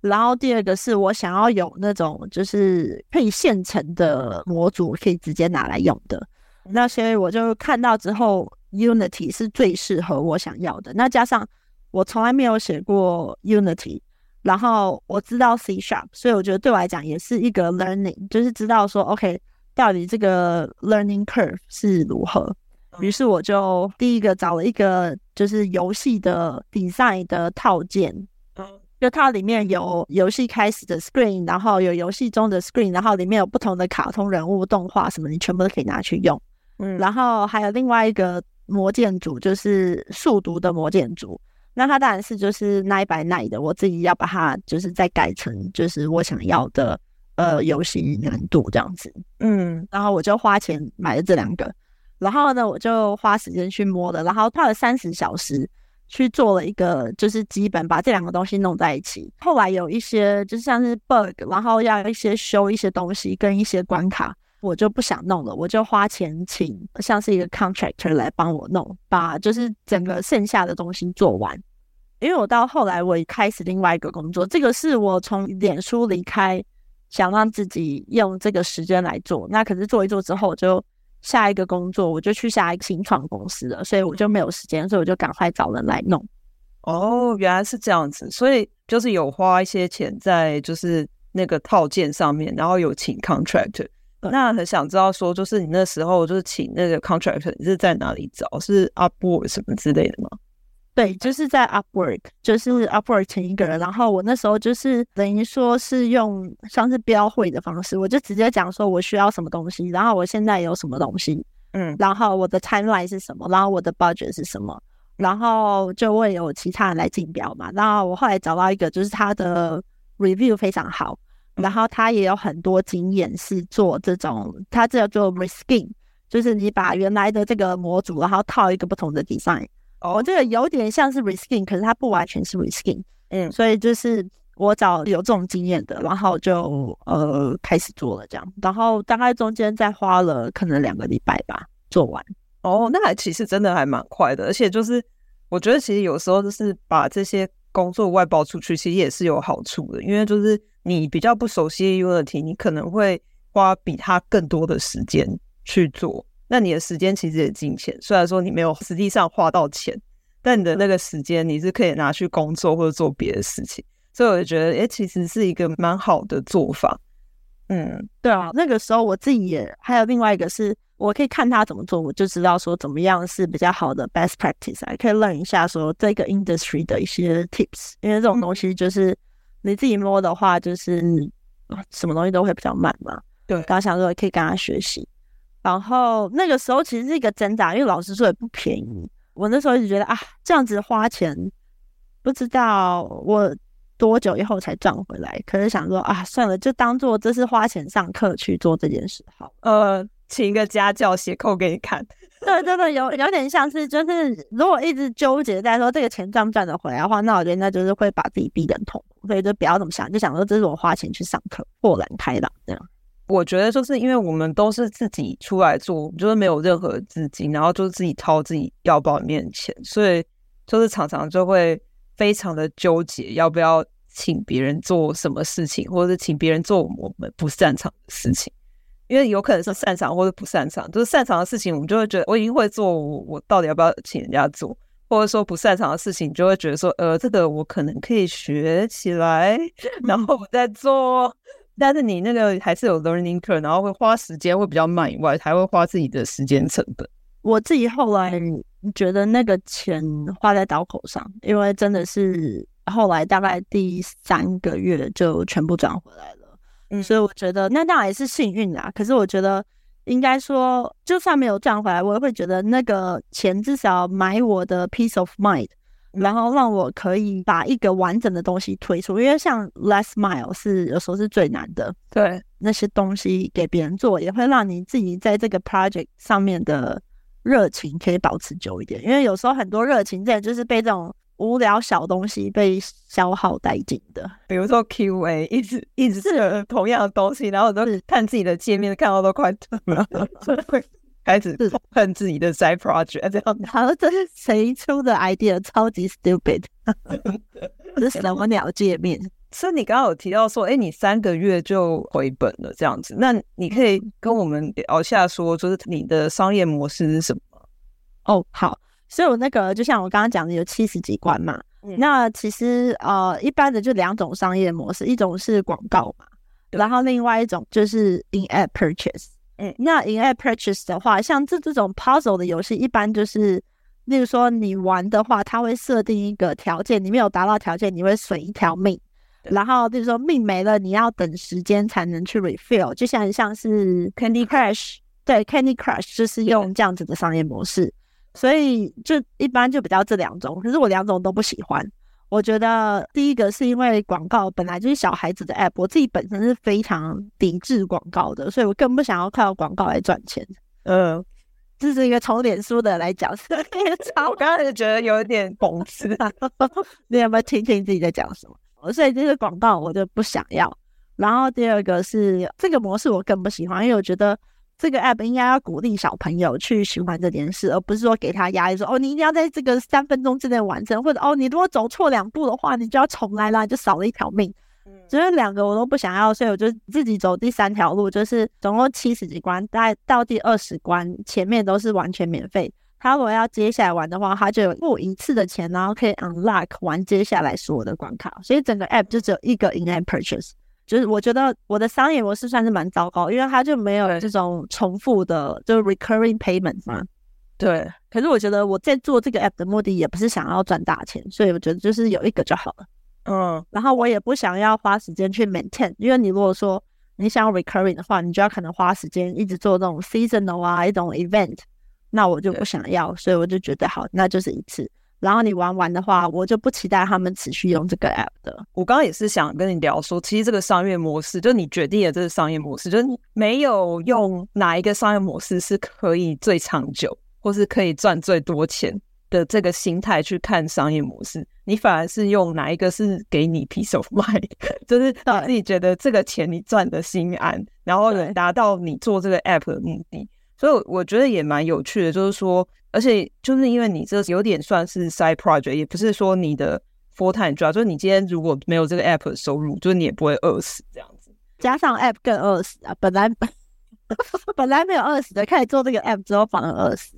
然後第二個是我想要有那種就是配現成的模組可以直接拿來用的，那所以我就看到之後 Unity 是最適合我想要的。那加上我從來沒有寫過 Unity，然後我知道 C#，p, 所以我覺得對我來講也是一個 learning，就是知道說 OK，到底這個 learning curve 是如何。於是我就第一個找了一個就是遊戲的比賽的套件。就它裡面有遊戲開始的 screen，然後有遊戲中的 screen，然後裡面有不同的卡通人物、動畫什麼，你全部都可以拿去用。嗯，然後還有另外一個魔劍組，就是數獨的魔劍組，那它當然是就是 nine by nine 的，我自己要把它就是再改成就是我想要的呃遊戲難度這樣子。嗯，然後我就花錢買了這兩個，然後呢我就花時間去摸的，然後花了三十小時。去做了一個，就是基本把這兩個東西弄在一起。後來有一些，就是像是 bug，然後要一些修一些東西跟一些關卡，我就不想弄了，我就花錢請像是一個 contractor 來幫我弄，把就是整個剩下的東西做完。因為我到後來我開始另外一個工作，這個是我從臉書離開，想讓自己用這個時間來做。那可是做一做之後我就。下一個工作我就去下一個新創公司了，所以我就沒有時間，所以我就趕快找人來弄。哦，oh, 原來是這樣子，所以就是有花一些錢在就是那個套件上面，然後有請 contractor。那很想知道說，就是你那時候就是請那個 contractor 你是在哪裡找，是 Upwork 什麼之類的嗎？對，就是在 Upwork，就是 Upwork，請一個人。然後我那時候就是等於說是用像是標會的方式，我就直接講說我需要什麼東西，然後我現在有什麼東西，嗯，然後我的 timeline 是什麼，然後我的 budget 是什麼，然後就會有其他人來競標嘛。那我後來找到一個，就是他的 review 非常好，然後他也有很多經驗是做這種，他叫做 reskin，就是你把原來的這個模組，然後套一個不同的 design。哦，oh，這個有點像是 reskin，可是它不完全是 reskin。Skin，嗯，所以就是我找有這種經驗的，然後就呃開始做了這樣，然後大概中間再花了可能兩個禮拜吧，做完。哦，oh，那還其實真的還蠻快的，而且就是我覺得其實有時候就是把這些工作外包出去，其實也是有好處的，因為就是你比較不熟悉 Unity，你可能會花比他更多的時間去做。那你的時間其實也金錢，雖然說你沒有實際上花到錢，但你的那個時間你是可以拿去工作或者做別的事情，所以我也覺得哎、欸，其實是一個蠻好的做法。嗯，對啊，那個時候我自己也還有另外一個是我可以看他怎麼做，我就知道說怎麼樣是比較好的 best practice，還可以 learn 一下說這個 industry 的一些 tips，因為這種東西就是你自己摸的話，就是什麼東西都會比較慢嘛。對，剛想說可以跟他學習。然後那個時候其實是一個掙扎，因為老師說也不便宜。我那時候一直覺得啊，這樣子花錢，不知道我多久以後才賺回來。可是想說啊，算了，就當做這是花錢上課去做這件事好。呃，請一個家教寫 code 給你看。對，真的有有點像是，就是如果一直糾結在說這個錢賺不賺得回來的話，那我覺得那就是會把自己逼得很痛苦。所以就不要這麼想，就想說這是我花錢去上課，豁然開朗這樣。我覺得就是因為我們都是自己出來做，就是沒有任何資金，然後就是自己掏自己腰包裡面的錢，所以就是常常就會非常的糾結，要不要請別人做什麼事情，或者是請別人做我們不擅長的事情，因為有可能是擅長或者不擅長，就是擅長的事情，我們就會覺得我已經會做，我我到底要不要請人家做，或者說不擅長的事情，就會覺得說，呃，這個我可能可以學起來，然後我再做。但是你那個還是有 learning curve，然後會花時間，會比較慢以外，還會花自己的時間成本。我自己後來覺得那個錢花在刀口上，因為真的是後來大概第三個月就全部賺回來了，嗯，所以我覺得那當然是幸運啦。可是我覺得應該說，就算沒有賺回來，我也會覺得那個錢至少買我的 peace of mind。然後讓我可以把一個完整的東西推出，因為像 last mile 是有時候是最難的。對，那些東西給別人做，也會讓你自己在這個 project 上面的熱情可以保持久一點。因為有時候很多熱情真的就是被這種無聊小東西被消耗殆盡的。比如說 QA 一直一直是同樣的東西，是然後都是看自己的界面，看到都快吐了。 開始痛恨自己的 project, side project 是這樣子。然後這是誰出的 idea？超級 stupid！這 是什麼鳥界面？ 所以你剛剛有提到說，哎、欸，你三個月就回本了這樣子。那你可以跟我們聊一下說，說就是你的商業模式是什麼？哦，好。所以我那個就像我剛剛講的，有七十幾關嘛。嗯、那其實呃，一般的就兩種商業模式，一種是廣告嘛，對然後另外一種就是 in-app purchase。那 in-app purchase 的話，像這這種 puzzle 的遊戲，一般就是，例如說你玩的話，它會設定一個條件，你沒有達到條件，你會損一條命，對然後例如說命沒了，你要等時間才能去 refill，就像像是 cr Candy Crush，對，Candy Crush 就是用這樣子的商業模式，對所以就一般就比較這兩種，可是我兩種都不喜歡。我覺得第一個是因為廣告本來就是小孩子的 app，我自己本身是非常抵制廣告的，所以我更不想要靠廣告來賺錢。嗯、呃，這是一個從臉書的來講，我剛才就覺得有點諷刺啊。 你有沒有聽聽自己在講什麼？所以這個廣告我就不想要。然後第二個是這個模式我更不喜歡，因為我覺得。這個 app 應該要鼓勵小朋友去循環這件事，而不是說給他壓力說哦，你一定要在這個三分鐘之內完成，或者哦，你如果走錯兩步的話，你就要重來啦，就少了一條命。嗯，所以兩個我都不想要，所以我就自己走第三條路，就是總共七十幾關，大概到第二十關前面都是完全免費。他如果要接下來玩的話，他就付一次的錢，然後可以 unlock 玩接下來所有的關卡。所以整個 app 就只有一個 in-app purchase。就是我覺得我的商業模式算是蠻糟糕，因為它就沒有這種重複的，對就是 recurring payment 嘛、嗯、對。可是我覺得我在做這個 app 的目的也不是想要賺大錢，所以我覺得就是有一個就好了。嗯。然後我也不想要花時間去 maintain，因為你如果說你想要 recurring 的話，你就要可能花時間一直做這種 seasonal 啊，一種 event，那我就不想要，對所以我就覺得好，那就是一次。然後你玩完的話，我就不期待他們持續用這個 app 的。我剛剛也是想跟你聊說，其實這個商業模式，就你決定了這個商業模式，就是你沒有用哪一個商業模式是可以最長久，或是可以賺最多錢的這個心態去看商業模式。你反而是用哪一個是給你 peace of mind， 就是你自己覺得這個錢你賺的心安，然後能達到你做這個 app 的目的。所以我覺得也蠻有趣的，就是說，而且就是因為你這有點算是 side project，也不是說你的 full time job，就是你今天如果沒有這個 app 的收入，就是你也不會餓死這樣子。加上 app 更餓死啊，本來本來沒有餓死的， 開始做這個 app 之後反而餓死。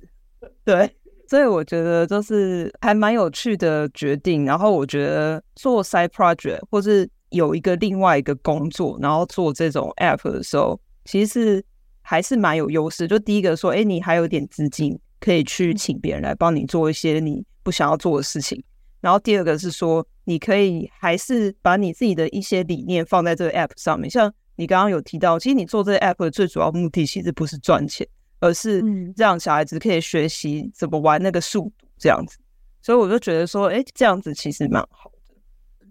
對，所以我覺得就是還蠻有趣的決定。然後我覺得做 side project 或是有一個另外一個工作，然後做這種 app 的時候，其實是。還是蠻有優勢。就第一個說，哎、欸，你還有點資金可以去請別人來幫你做一些你不想要做的事情。然後第二個是說，你可以還是把你自己的一些理念放在這個 app 上面。像你剛剛有提到，其實你做這個 app 的最主要目的其實不是賺錢，而是讓小孩子可以學習怎麼玩那個數獨這樣子。所以我就覺得說，哎、欸，這樣子其實蠻好。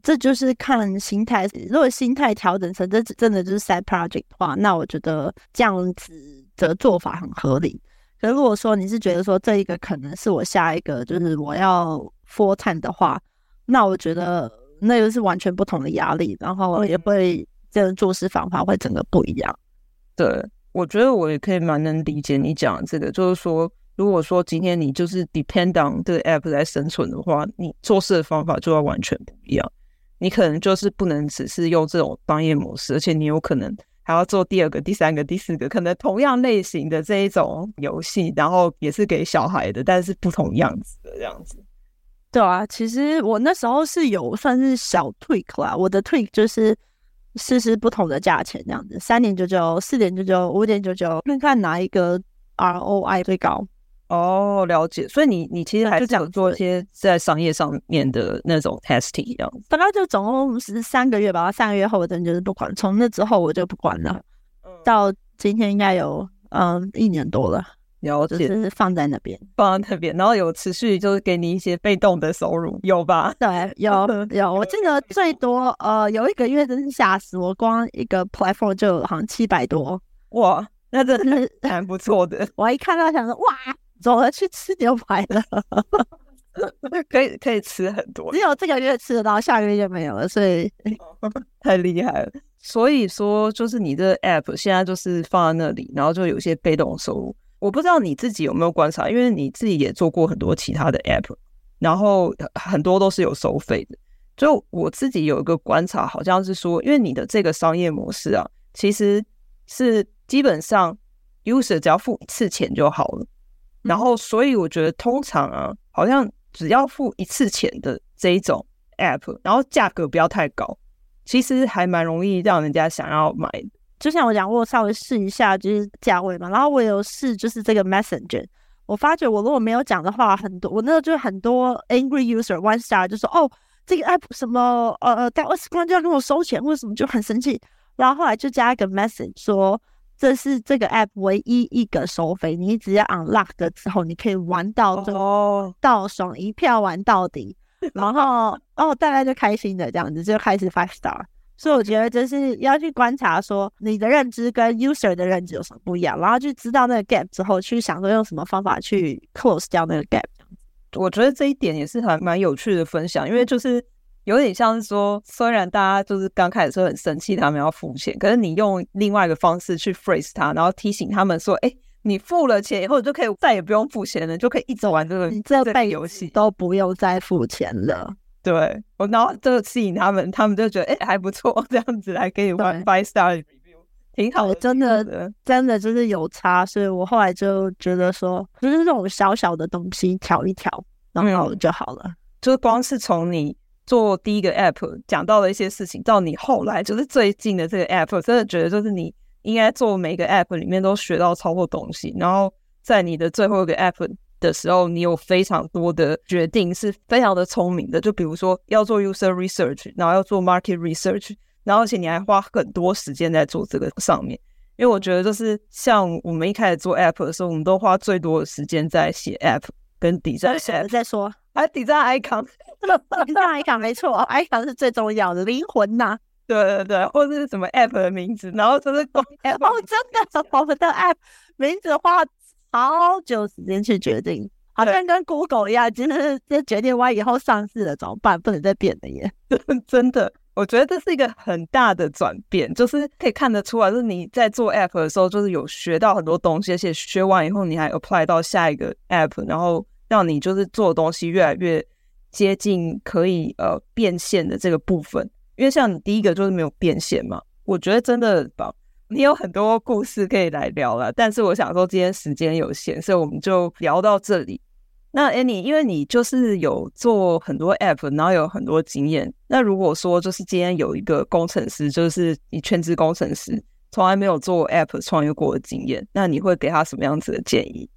這就是看心態。如果心態調整成這真的就是 side project 的話，那我覺得這樣子的做法很合理。可是如果說你是覺得說這一個可能是我下一個就是我要 full time 的話，那我覺得那就是完全不同的壓力，然後也會這樣做事方法會整個不一樣。對，我覺得我也可以蠻能理解你講的這個，就是說如果說今天你就是 depend on 這個 app 來生存的話，你做事的方法就會完全不一樣。你可能就是不能只是用這種商業模式，而且你有可能還要做第二個、第三個、第四個，可能同樣類型的這一種遊戲，然後也是給小孩的，但是不同樣子的這樣子。對啊，其實我那時候是有算是小 tweak 啦，我的 tweak 就是試試不同的價錢這樣子，三點九九、四點九九、五點九九，看看哪一個 ROI 最高。哦，了解。所以你你其實還是想做一些在商業上面的那種 testing 一樣。大概就，就總共是三個月吧，三個月後我真就是不管。從那之後我就不管了，到今天應該有嗯一年多了。然後解就是放在那邊，放在那邊，然後有持續就是給你一些被動的收入，有吧？對，有有。 我記得最多呃有一個月真是嚇死我，光一個 platform 就好像七百多。哇，那真的是蠻不錯的。 我一看到想說哇。走了去吃牛排了， 可以可以吃很多，只有這個月吃得到，下個月就沒有了，所以 太厲害了。所以說，就是你的 app 現在就是放在那裡，然後就有些被動收入。我不知道你自己有沒有觀察，因為你自己也做過很多其他的 app，然後很多都是有收費的。就我自己有一個觀察，好像是說，因為你的這個商業模式啊，其實是基本上 user 只要付一次錢就好了。然後，所以我覺得通常啊，好像只要付一次錢的這一種 app，然後價格不要太高，其實還蠻容易讓人家想要買。就像我講，我稍微試一下就是價位嘛，然後我有試就是這個 messenger，我發覺我如果沒有講的話，很多我那個就是很多 angry user one star，就說哦，這個 app 什麼呃呃到二十關就要跟我收錢或者什麼，就很生氣。然後後來就加一個 message 說。這是這個 app 唯一一個收費，你只要 unlock 了之後，你可以玩到最到爽，一票玩到底，oh. 然後 哦，大家就開心的這樣子就開始 five star。所以我覺得就是要去觀察說，你的認知跟 user 的認知有什麼不一樣，然後就知道那個 gap 之後去想說用什麼方法去 close 掉那個 gap。我覺得這一點也是還蠻有趣的分享，因為就是。有點像是說，雖然大家就是剛開始是很生氣，他們要付錢，可是你用另外一個方式去 phrase 他，然後提醒他們說：“哎、欸，你付了錢以後就可以再也不用付錢了，就可以一直玩這個你這遊戲都不用再付錢了。”對，我然後就吸引他們，他們就覺得：“哎、欸，還不錯，這樣子來給你玩。對”《Five Star Review》挺好的的，的真的真的就是有差，所以我後來就覺得說，就是這種小小的東西調一調，然後就好了。嗯、就是光是從你。做第一個 app 講到的一些事情，到你後來就是最近的這個 app，真的覺得就是你應該做每一個 app 裡面都學到超多東西，然後在你的最後一個 app 的時候，你有非常多的決定是非常的聰明的。就比如說要做 user research，然後要做 market research，然後而且你還花很多時間在做這個上面，因為我覺得就是像我們一開始做 app 的時候，我們都花最多的時間在寫 app。跟 design 先再說，啊，design icon，底 站 icon 沒錯、 哦、，icon 是最重要的靈魂吶、啊。對對對，或是什麼 app 的名字，然後就是廣， 哦，真的，嗯、我們的 app 名字花了好久時間去決定，好像跟 Google 一樣，真的是決定完以後上市了怎麼辦？不能再變了耶。真的，我覺得這是一個很大的轉變，就是可以看得出來，就是你在做 app 的時候，就是有學到很多東西，而且學完以後你還 apply 到下一個 app，然後。讓你就是做的東西越來越接近可以呃變現的這個部分，因為像你第一個就是沒有變現嘛。我覺得真的吧，你有很多故事可以來聊了，但是我想說今天時間有限，所以我們就聊到這裡。那 Annie、欸、因為你就是有做很多 App，然後有很多經驗。那如果說就是今天有一個工程師，就是你全職工程師，從來沒有做 App 創業過的經驗，那你會給他什麼樣子的建議？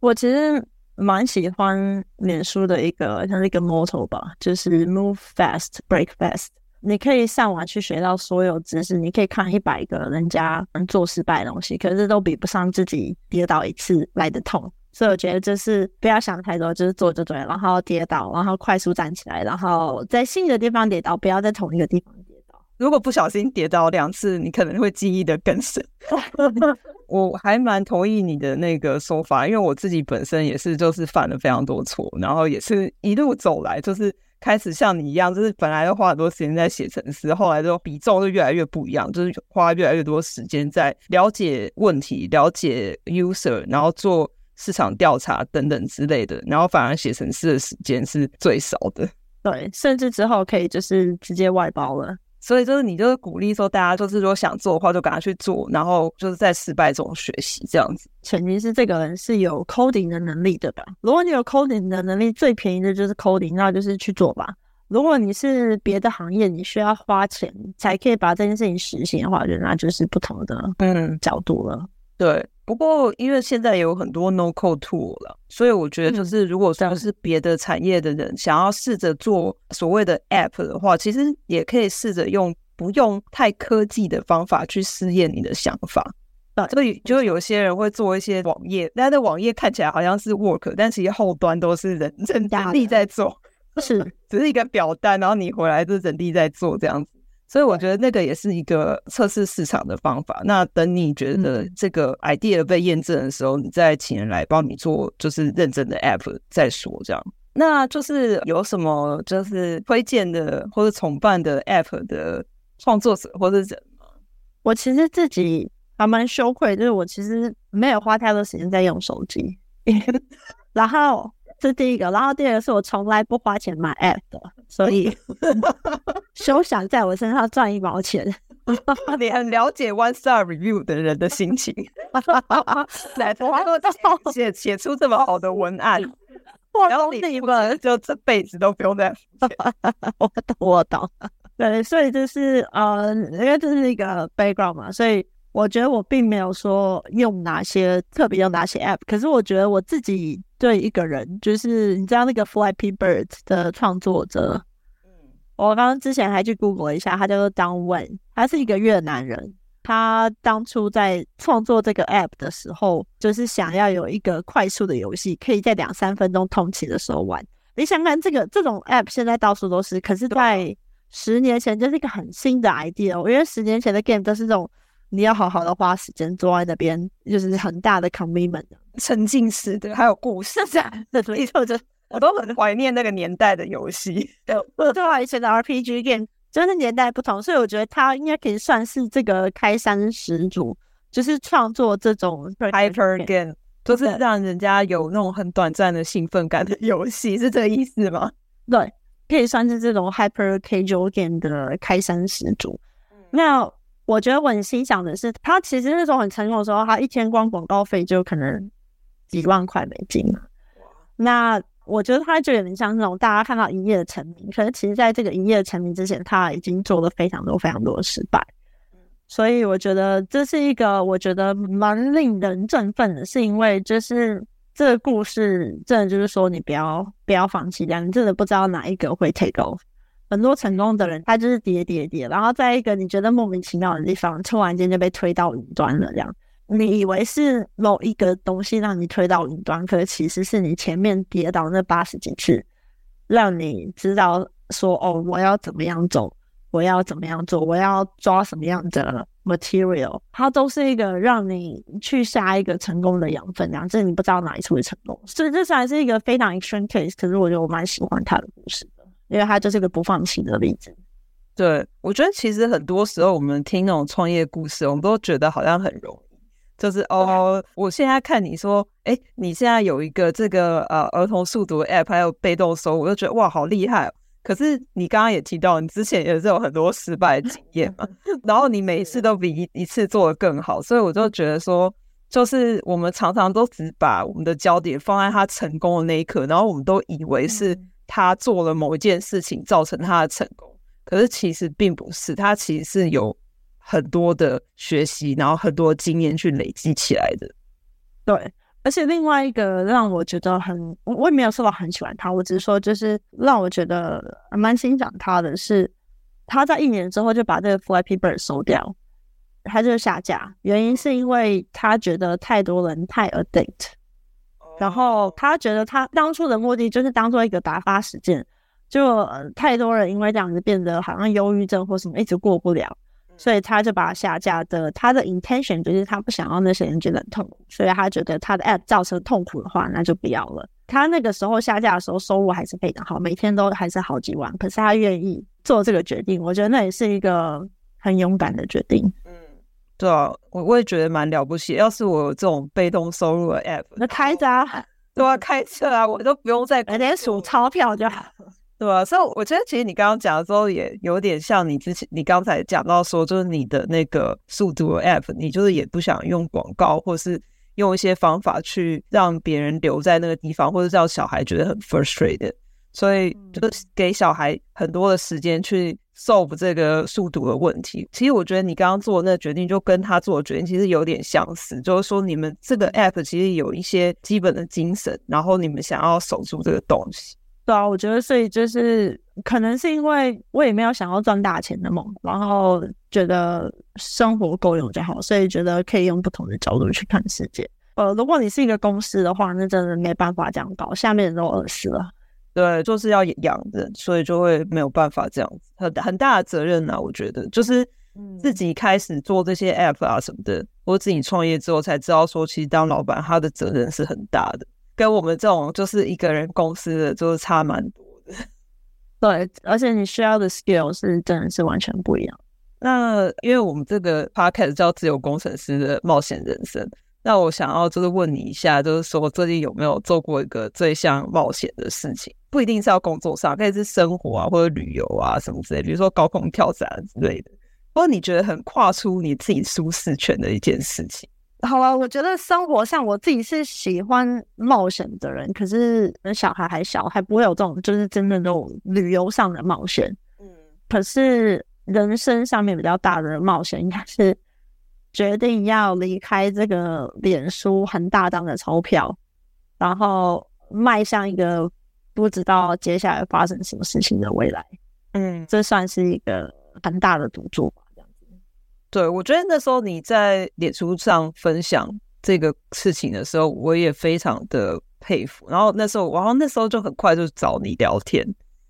我其實。蠻喜歡臉書的一個像是一個 motto 吧，就是 move fast, break fast。你可以上網去學到所有知識，你可以看一百個人家做失敗的東西，可是都比不上自己跌倒一次來得痛。所以我覺得就是不要想太多，就是做就對，然後跌倒，然後快速站起來，然後在新的地方跌倒，不要在同一個地方跌倒。如果不小心跌倒兩次，你可能會記憶的更深。 我還蠻同意你的那個說法，因為我自己本身也是，就是犯了非常多錯，然後也是一路走來，就是開始像你一樣，就是本來都花很多時間在寫程式，後來就比重就越來越不一樣，就是花越來越多時間在了解問題、了解 user，然後做市場調查等等之類的，然後反而寫程式的時間是最少的，對，甚至之後可以就是直接外包了。所以就是你就是鼓勵說大家就是如果想做的話，就趕快去做，然後就是在失敗中學習這樣子。前提是這個人是有 coding 的能力對吧？如果你有 coding 的能力，最便宜的就是 coding，那就是去做吧。如果你是別的行業，你需要花錢才可以把這件事情實現的話，就那就是不同的嗯角度了。嗯，對。不過，因為現在有很多 no code tool 了，所以我覺得就是，如果像是別的產業的人想要試着做所謂的 app 的話，其實也可以試着用不用太科技的方法去試驗你的想法。啊，對，這個就有些人會做一些網頁，那他的網頁看起來好像是 work，但其實後端都是人人力然在做，是，只是一個表單，然後你回來就人力在做這樣子。所以我覺得那個也是一個測試市場的方法。那等你覺得這個 idea 被驗證的時候，嗯、你再請人來幫你做，就是認真的 app 再說。這樣，那就是有什麼就是推薦的或者重辦的 app 的創作者或者什麼？我其實自己還蠻羞愧，就是我其實沒有花太多時間在用手機， 然後。是第一個，然後第二個是我從來不花錢買 App 的，所以 休想在我身上賺一毛錢。 你很了解 One Star Review 的人的心情，來，然後寫寫出這麼好的文案，我然後你一個就這輩子都不用再 我懂，我懂，對，所以就是呃，因為這是一個 background 嘛，所以我覺得我並沒有說用哪些特別用哪些 App，可是我覺得我自己。對一個人，就是你知道那個 Flappy Bird 的創作者，嗯，我剛剛之前還去 Google 一下，他叫做 Dong Nguyen，他是一個越南人。他當初在創作這個 App 的時候，就是想要有一個快速的遊戲，可以在兩三分鐘通勤的時候玩。你想看這個這種 App 現在到處都是，可是，在十年前就是一個很新的 idea 哦。我覺得十年前的 game 都是這種。你要好好的花時間坐在那邊，就是很大的 commitment，沉浸式的，還有故事在 對對對，對對我都很懷念那個年代的遊戲。對，我對，對，對以前的 RPG game 就是年代不同，所以我覺得他應該可以算是這個開山始祖，就是創作這種 game, hyper game，就是讓人家有那種很短暫的興奮感的遊戲，是這個意思嗎？對，可以算是這種 hyper casual game 的開山始祖。那、嗯我覺得我很欣賞的是，他其實那種很成功的時候，他一天光廣告費就可能幾萬塊美金嘛。那我覺得他就有點像那種大家看到一夜成名，可是其實在這個一夜成名之前，他已經做了非常多，非常多的失敗。所以我覺得這是一個我覺得蠻令人振奮的，是因為就是這個故事真的就是說你不要不要放棄，你真的不知道哪一個會 take off。很多成功的人，他就是跌跌跌，然後在一個你覺得莫名其妙的地方，突然間就被推到雲端了。這樣，你以為是某一個東西讓你推到雲端，可其實是你前面跌倒那八十幾次，讓你知道說哦，我要怎麼樣走，我要怎麼樣做，我要抓什麼樣的 material，它都是一個讓你去下一個成功的養分。這樣，這你不知道哪一次會成功。所以這算是一個非常 extreme case，可是我覺得我蠻喜歡他的故事。因為他就是一個不放棄的例子。對，我覺得其實很多時候我們聽那種創業故事，我們都覺得好像很容易。就是對哦，我現在看你說，哎、欸，你現在有一個這個呃兒童數獨 app 還有被動收入，我就覺得哇，好厲害、哦！可是你剛剛也提到，你之前也是有很多失敗的經驗嘛， 然後你每一次都比一一次做得更好，所以我就覺得說，就是我們常常都只把我們的焦點放在他成功的那一刻，然後我們都以為是。他做了某一件事情，造成他的成功。可是其實並不是，他其實是有很多的學習，然後很多經驗去累積起來的。對，而且另外一個讓我覺得很，我也沒有說我很喜歡他，我只是說就是讓我覺得蠻欣賞他的，是他在一年之後就把這個 Flappy Bird 收掉，他就下架，原因是因為他覺得太多人太 addict。然後他覺得他當初的目的就是當做一個打發時間，就、呃、太多人因為這樣子變得好像憂鬱症或什麼一直過不了，所以他就把他下架的。他的 intention 就是他不想要那些人覺得很痛苦，所以他覺得他的 app 造成痛苦的話，那就不要了。他那個時候下架的時候收入還是非常好，每天都還是好幾萬，可是他願意做這個決定，我覺得那也是一個很勇敢的決定。對啊，我我也覺得蠻了不起。要是我有這種被動收入的 app，那開着啊，對啊，開車啊，我都不用再每天數鈔票就好了。對啊，所以我覺得，其實你剛剛講的時候，也有點像你之前你剛才講到說，就是你的那個速度的 app，你就是也不想用廣告，或是用一些方法去讓別人留在那個地方，或者讓小孩覺得很 frustrated，所以就給小孩很多的時間去。solve 這個數獨的問題，其實我覺得你剛剛做的那個決定，就跟他做的決定其實有點相似，就是、就是說你們這個 app 其實有一些基本的精神，然後你們想要守住這個東西。對啊，我覺得所以就是可能是因為我也沒有想要賺大錢的夢，然後覺得生活夠用就好，所以覺得可以用不同的角度去看世界。呃，如果你是一個公司的話，那真的沒辦法這樣搞，下面人都餓死了。對，就是要養人，所以就會沒有辦法這樣子，很很大的責任吶、啊。我覺得就是自己開始做這些 app 啊什麼的，我自己創業之後才知道，說其實當老闆他的責任是很大的，跟我們這種就是一個人公司的就是差蠻多的。對，而且你需要的 skills 是真的是完全不一樣。那因為我們這個 podcast 叫《自由工程師的冒險人生》。那我想要就是問你一下，就是說最近有沒有做過一個最像冒險的事情？不一定是要工作上，可以是生活啊，或者旅遊啊什麼之類的。比如說高空跳傘之類的，或者你覺得很跨出你自己舒適圈的一件事情。好啊，我覺得生活上我自己是喜歡冒險的人，可是小孩還小，還不會有這種就是真的那種旅遊上的冒險。嗯，可是人生上面比較大的冒險應該是。決定要離開這個臉書很大張的鈔票，然後邁向一個不知道接下來發生什麼事情的未來。嗯，這算是一個很大的賭注吧，這樣子。對，我覺得那時候你在臉書上分享這個事情的時候，我也非常的佩服。然後那時候，然後那時候就很快就找你聊天，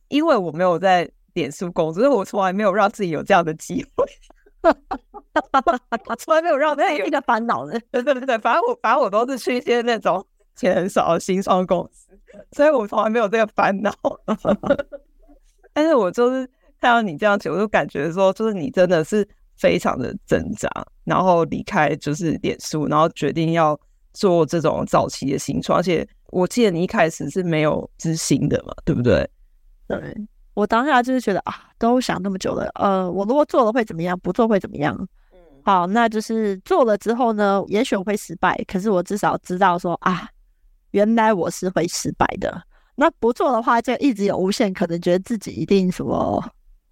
因為我沒有在臉書工作，我從來沒有讓自己有這樣的機會。 哈 我從來沒有讓他有一個煩惱呢，對，對對對，反正我反正我都是去一些那種錢很少的新創公司，所以我從來沒有這個煩惱。 但是，我就是看到你這樣子，我就感覺說，就是你真的是非常的掙扎，然後離開就是臉書，然後決定要做這種早期的新創，而且我記得你一開始是沒有支薪的嘛，對不對？對。Okay. 我當下就是覺得啊，都想那麼久了。呃，我如果做了會怎麼樣？不做會怎麼樣？嗯，好，那就是做了之後呢，也許會失敗，可是我至少知道說啊，原來我是會失敗的。那不做的話，就一直有無限可能，覺得自己一定什麼，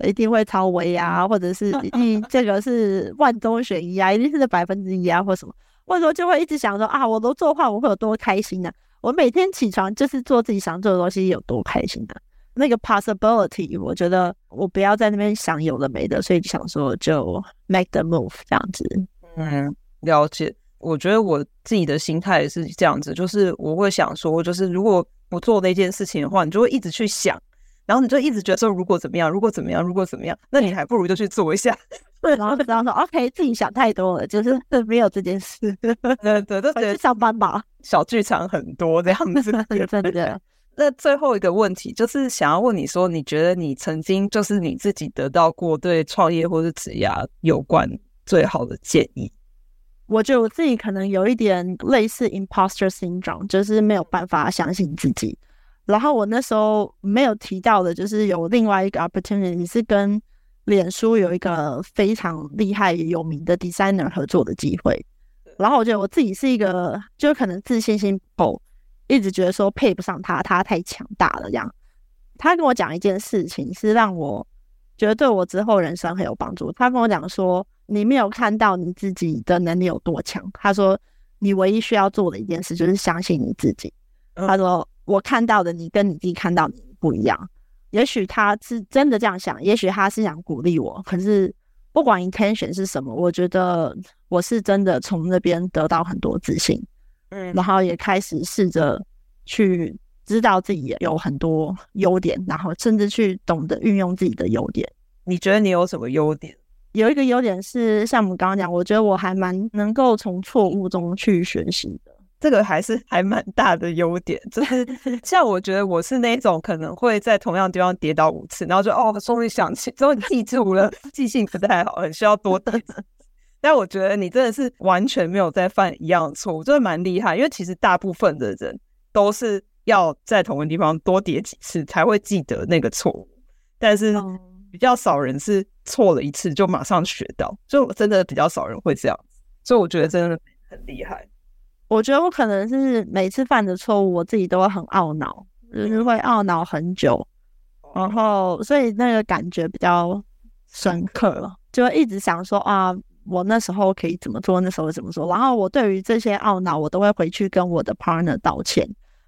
一定會超威啊，或者是一定這個是萬中選一啊， 一定是那百分之一啊，或什麼，或者說就會一直想說啊，我都做的話，我會有多開心呢、啊？我每天起床就是做自己想做的東西，有多開心呢、啊？那個 possibility，我覺得我不要在那邊想有的沒的，所以就想說就 make the move 這樣子。嗯，了解。我覺得我自己的心態是這樣子，就是我會想說，就是如果我做那件事情的話，你就會一直去想，然後你就一直覺得說，如果怎麼樣，如果怎麼樣，如果怎麼樣，那你還不如就去做一下。對，然後知道說 ，OK，自己想太多了，就是沒有這件事。對，對，去上班吧。小劇場很多這樣子，對 對，真的。那最後一個問題就是想要問你說，你覺得你曾經就是你自己得到過對創業或是職業有關最好的建議？我覺得我自己可能有一點類似 impostor syndrome，就是沒有辦法相信自己。然後我那時候沒有提到的，就是有另外一個 opportunity，是跟臉書有一個非常厲害也有名的 designer 合作的機會。然後我覺得我自己是一個，就是可能自信心不一直覺得說配不上他，他太強大了這樣。他跟我講一件事情，是讓我覺得對我之後人生很有幫助。他跟我講說：“你沒有看到你自己的能力有多強。”他說：“你唯一需要做的一件事就是相信你自己。”他說：“我看到的你跟你自己看到的不一樣。也許他是真的這樣想，也許他是想鼓勵我。可是不管 intention 是什麼，我覺得我是真的從那邊得到很多自信。”嗯，然後也開始試着去知道自己也有很多優點，然後甚至去懂得運用自己的優點。你覺得你有什麼優點？有一個優點是像我們剛剛講，我覺得我還蠻能夠從錯誤中去學習的，這個還是還蠻大的優點。就是、像我覺得我是那種可能會在同樣地方跌倒五次， 然後就哦，終於想起，終於記住了， 記性不太好，很需要多等。 但我覺得你真的是完全沒有在犯一樣的錯誤，真的蠻厲害。因為其實大部分的人都是要在同一個地方多跌幾次才會記得那個錯誤，但是比較少人是錯了一次就馬上學到，就真的比較少人會這樣。所以我覺得真的很厲害。我覺得我可能是每次犯的錯誤，我自己都會很懊惱，就是會懊惱很久，嗯、然後所以那個感覺比較深刻了，深刻，就會一直想說啊。我那時候可以怎麼做？那時候怎麼做？然後我對於這些懊惱，我都會回去跟我的 partner 道歉，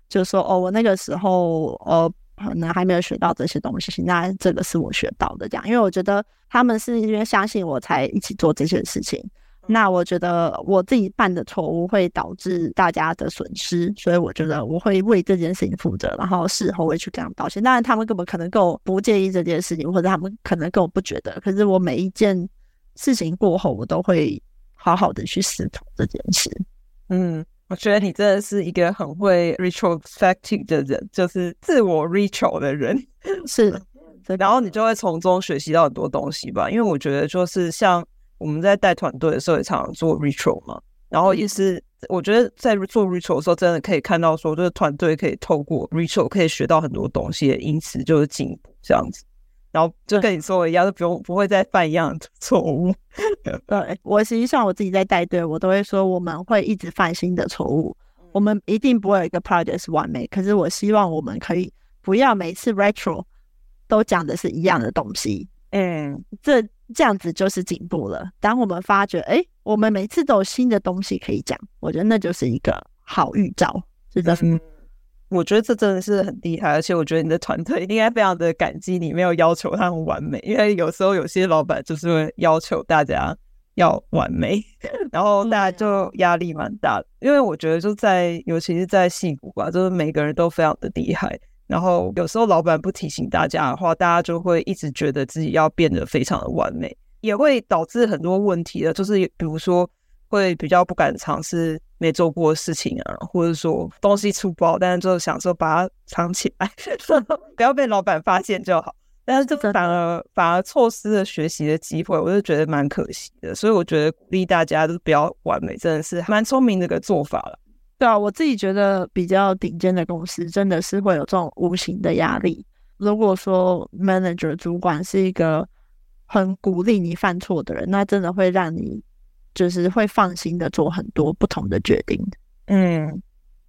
就說：“哦，我那個時候哦，可能還沒有學到這些東西，那這個是我學到的。”這樣，因為我覺得他們是因為相信我才一起做這些事情。那我覺得我自己犯的錯誤會導致大家的損失，所以我覺得我會為這件事情負責，然後事後會去這樣道歉。當然，他們根本可能跟我不介意這件事情，或者他們可能跟我不覺得。可是我每一件。事情過後，我都會好好的去思考這件事。嗯，我覺得你真的是一個很會 retrospecting 的人，就是自我 retro 的人。是， 然後你就會從中學習到很多東西吧？因為我覺得，就是像我們在帶團隊的時候也常常做 retro 嘛，然後意思，嗯、我覺得在做 retro 的時候，真的可以看到說，就是團隊可以透過 retro 可以學到很多東西，因此就是進步這樣子。然後就跟你說的一樣，就、嗯、不用不會再犯一樣的錯誤。 對。我實際上我自己在帶隊，我都會說我們會一直犯新的錯誤，嗯、我們一定不會有一個 project 是完美。可是我希望我們可以不要每次 retro 都講的是一樣的東西。嗯，這這樣子就是進步了。當我們發覺，哎、欸，我們每次都有新的東西可以講，我覺得那就是一個好預兆，對吧、嗯？嗯我覺得這真的是很厲害，而且我覺得你的團隊應該非常的感激你，沒有要求他們完美。因為有時候有些老闆就是會要求大家要完美，然後大家就壓力蠻大的。因為我覺得就在，尤其是在矽谷吧，就是每個人都非常的厲害。然後有時候老闆不提醒大家的話，大家就會一直覺得自己要變得非常的完美，也會導致很多問題的。就是比如說。會比較不敢嘗試沒做過的事情啊，或者說東西出包，但是就想說把它藏起來，不要被老闆發現就好。但是這反而反而錯失了學習的機會，我就覺得蠻可惜的。所以我覺得鼓勵大家都不要完美，真的是蠻聰明的一個做法了。對啊，我自己覺得比較頂尖的公司真的是會有這種無形的壓力。如果說 manager 主管是一個很鼓勵你犯錯的人，那真的會讓你。就是會放心的做很多不同的決定。嗯，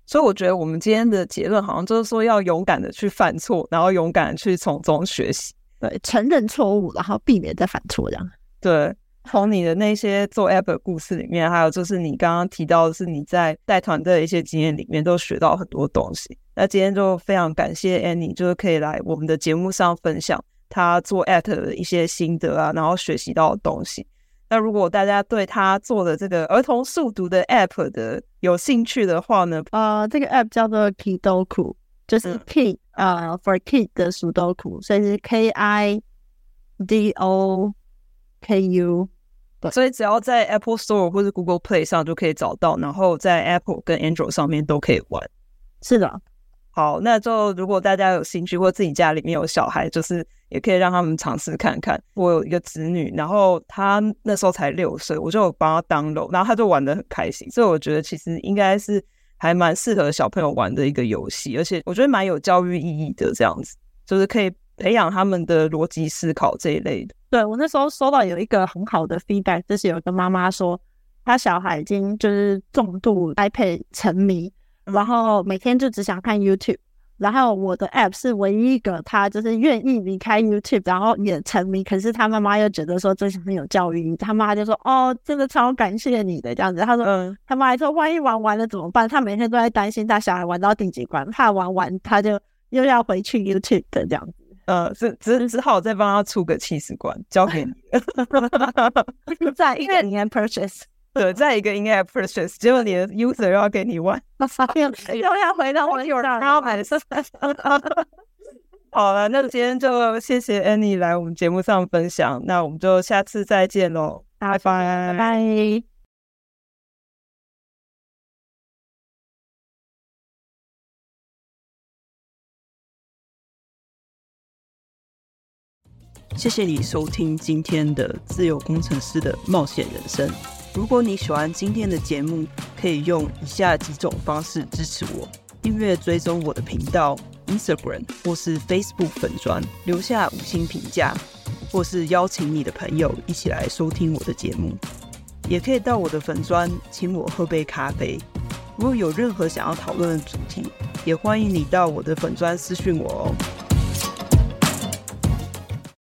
所以我覺得我們今天的結論好像就是說要勇敢的去犯錯，然後勇敢的去從中學習。對，承認錯誤，然後避免再犯錯，這樣。對，從你的那些做 App 的故事裡面，還有就是你剛剛提到的是你在帶團隊的一些經驗裡面都學到很多東西。那今天就非常感謝 Annie，就是可以來我們的節目上分享她做 App 的一些心得啊，然後學習到的東西。那如果大家對他做的這個兒童數獨的 App 的有興趣的話呢，啊，uh, 這個 App 叫做 Kidoku，就是 Kid 啊、嗯 uh,，for Kid 的數獨，所以是 K I D O K U。對，所以只要在 Apple Store 或者 Google Play 上就可以找到，然後在 Apple 跟 Android 上面都可以玩。是的。好，那就如果大家有興趣，或自己家裡面有小孩，就是也可以讓他們嘗試看看。我有一個姪女，然後他那時候才六歲，我就有幫他 download，然後他就玩得很開心。所以我覺得其實應該是還蠻適合小朋友玩的一個遊戲，而且我覺得蠻有教育意義的。這樣子就是可以培養他們的邏輯思考這一類的。對，我那時候收到有一個很好的 feedback，就是有一個媽媽說，她小孩已經就是重度 iPad 沉迷。然後每天就只想看 YouTube，然後我的 App 是唯一一個他就是願意離開 YouTube，然後也沉迷。可是他媽媽又覺得說這是很有教育，他媽就說：“哦，真的超感謝你的這樣子。”他說：“嗯。”他媽還說：“萬一玩完了怎麼辦？”他每天都在擔心他小孩玩到第幾關，怕玩完他就又要回去 YouTube 的這樣子。呃，是只只好再幫他出個七十關，交給你，在 一年 purchase。在一個 e n a g e process，只你的 user 要給你玩。那方便又要回到我的 problems。好了、啊，那今天就謝謝安妮 n 來我們節目上分享。那我們就下次再見嘍，拜拜、啊。謝謝你收聽今天的自由工程師的冒險人生。如果你喜歡今天的節目，可以用以下幾種方式支持我：訂閱追蹤我的頻道、Instagram 或是 Facebook 粉專，留下五星評價，或是邀請你的朋友一起來收聽我的節目。也可以到我的粉專，請我喝杯咖啡。如果有任何想要討論的主題，也歡迎你到我的粉專私訊我哦。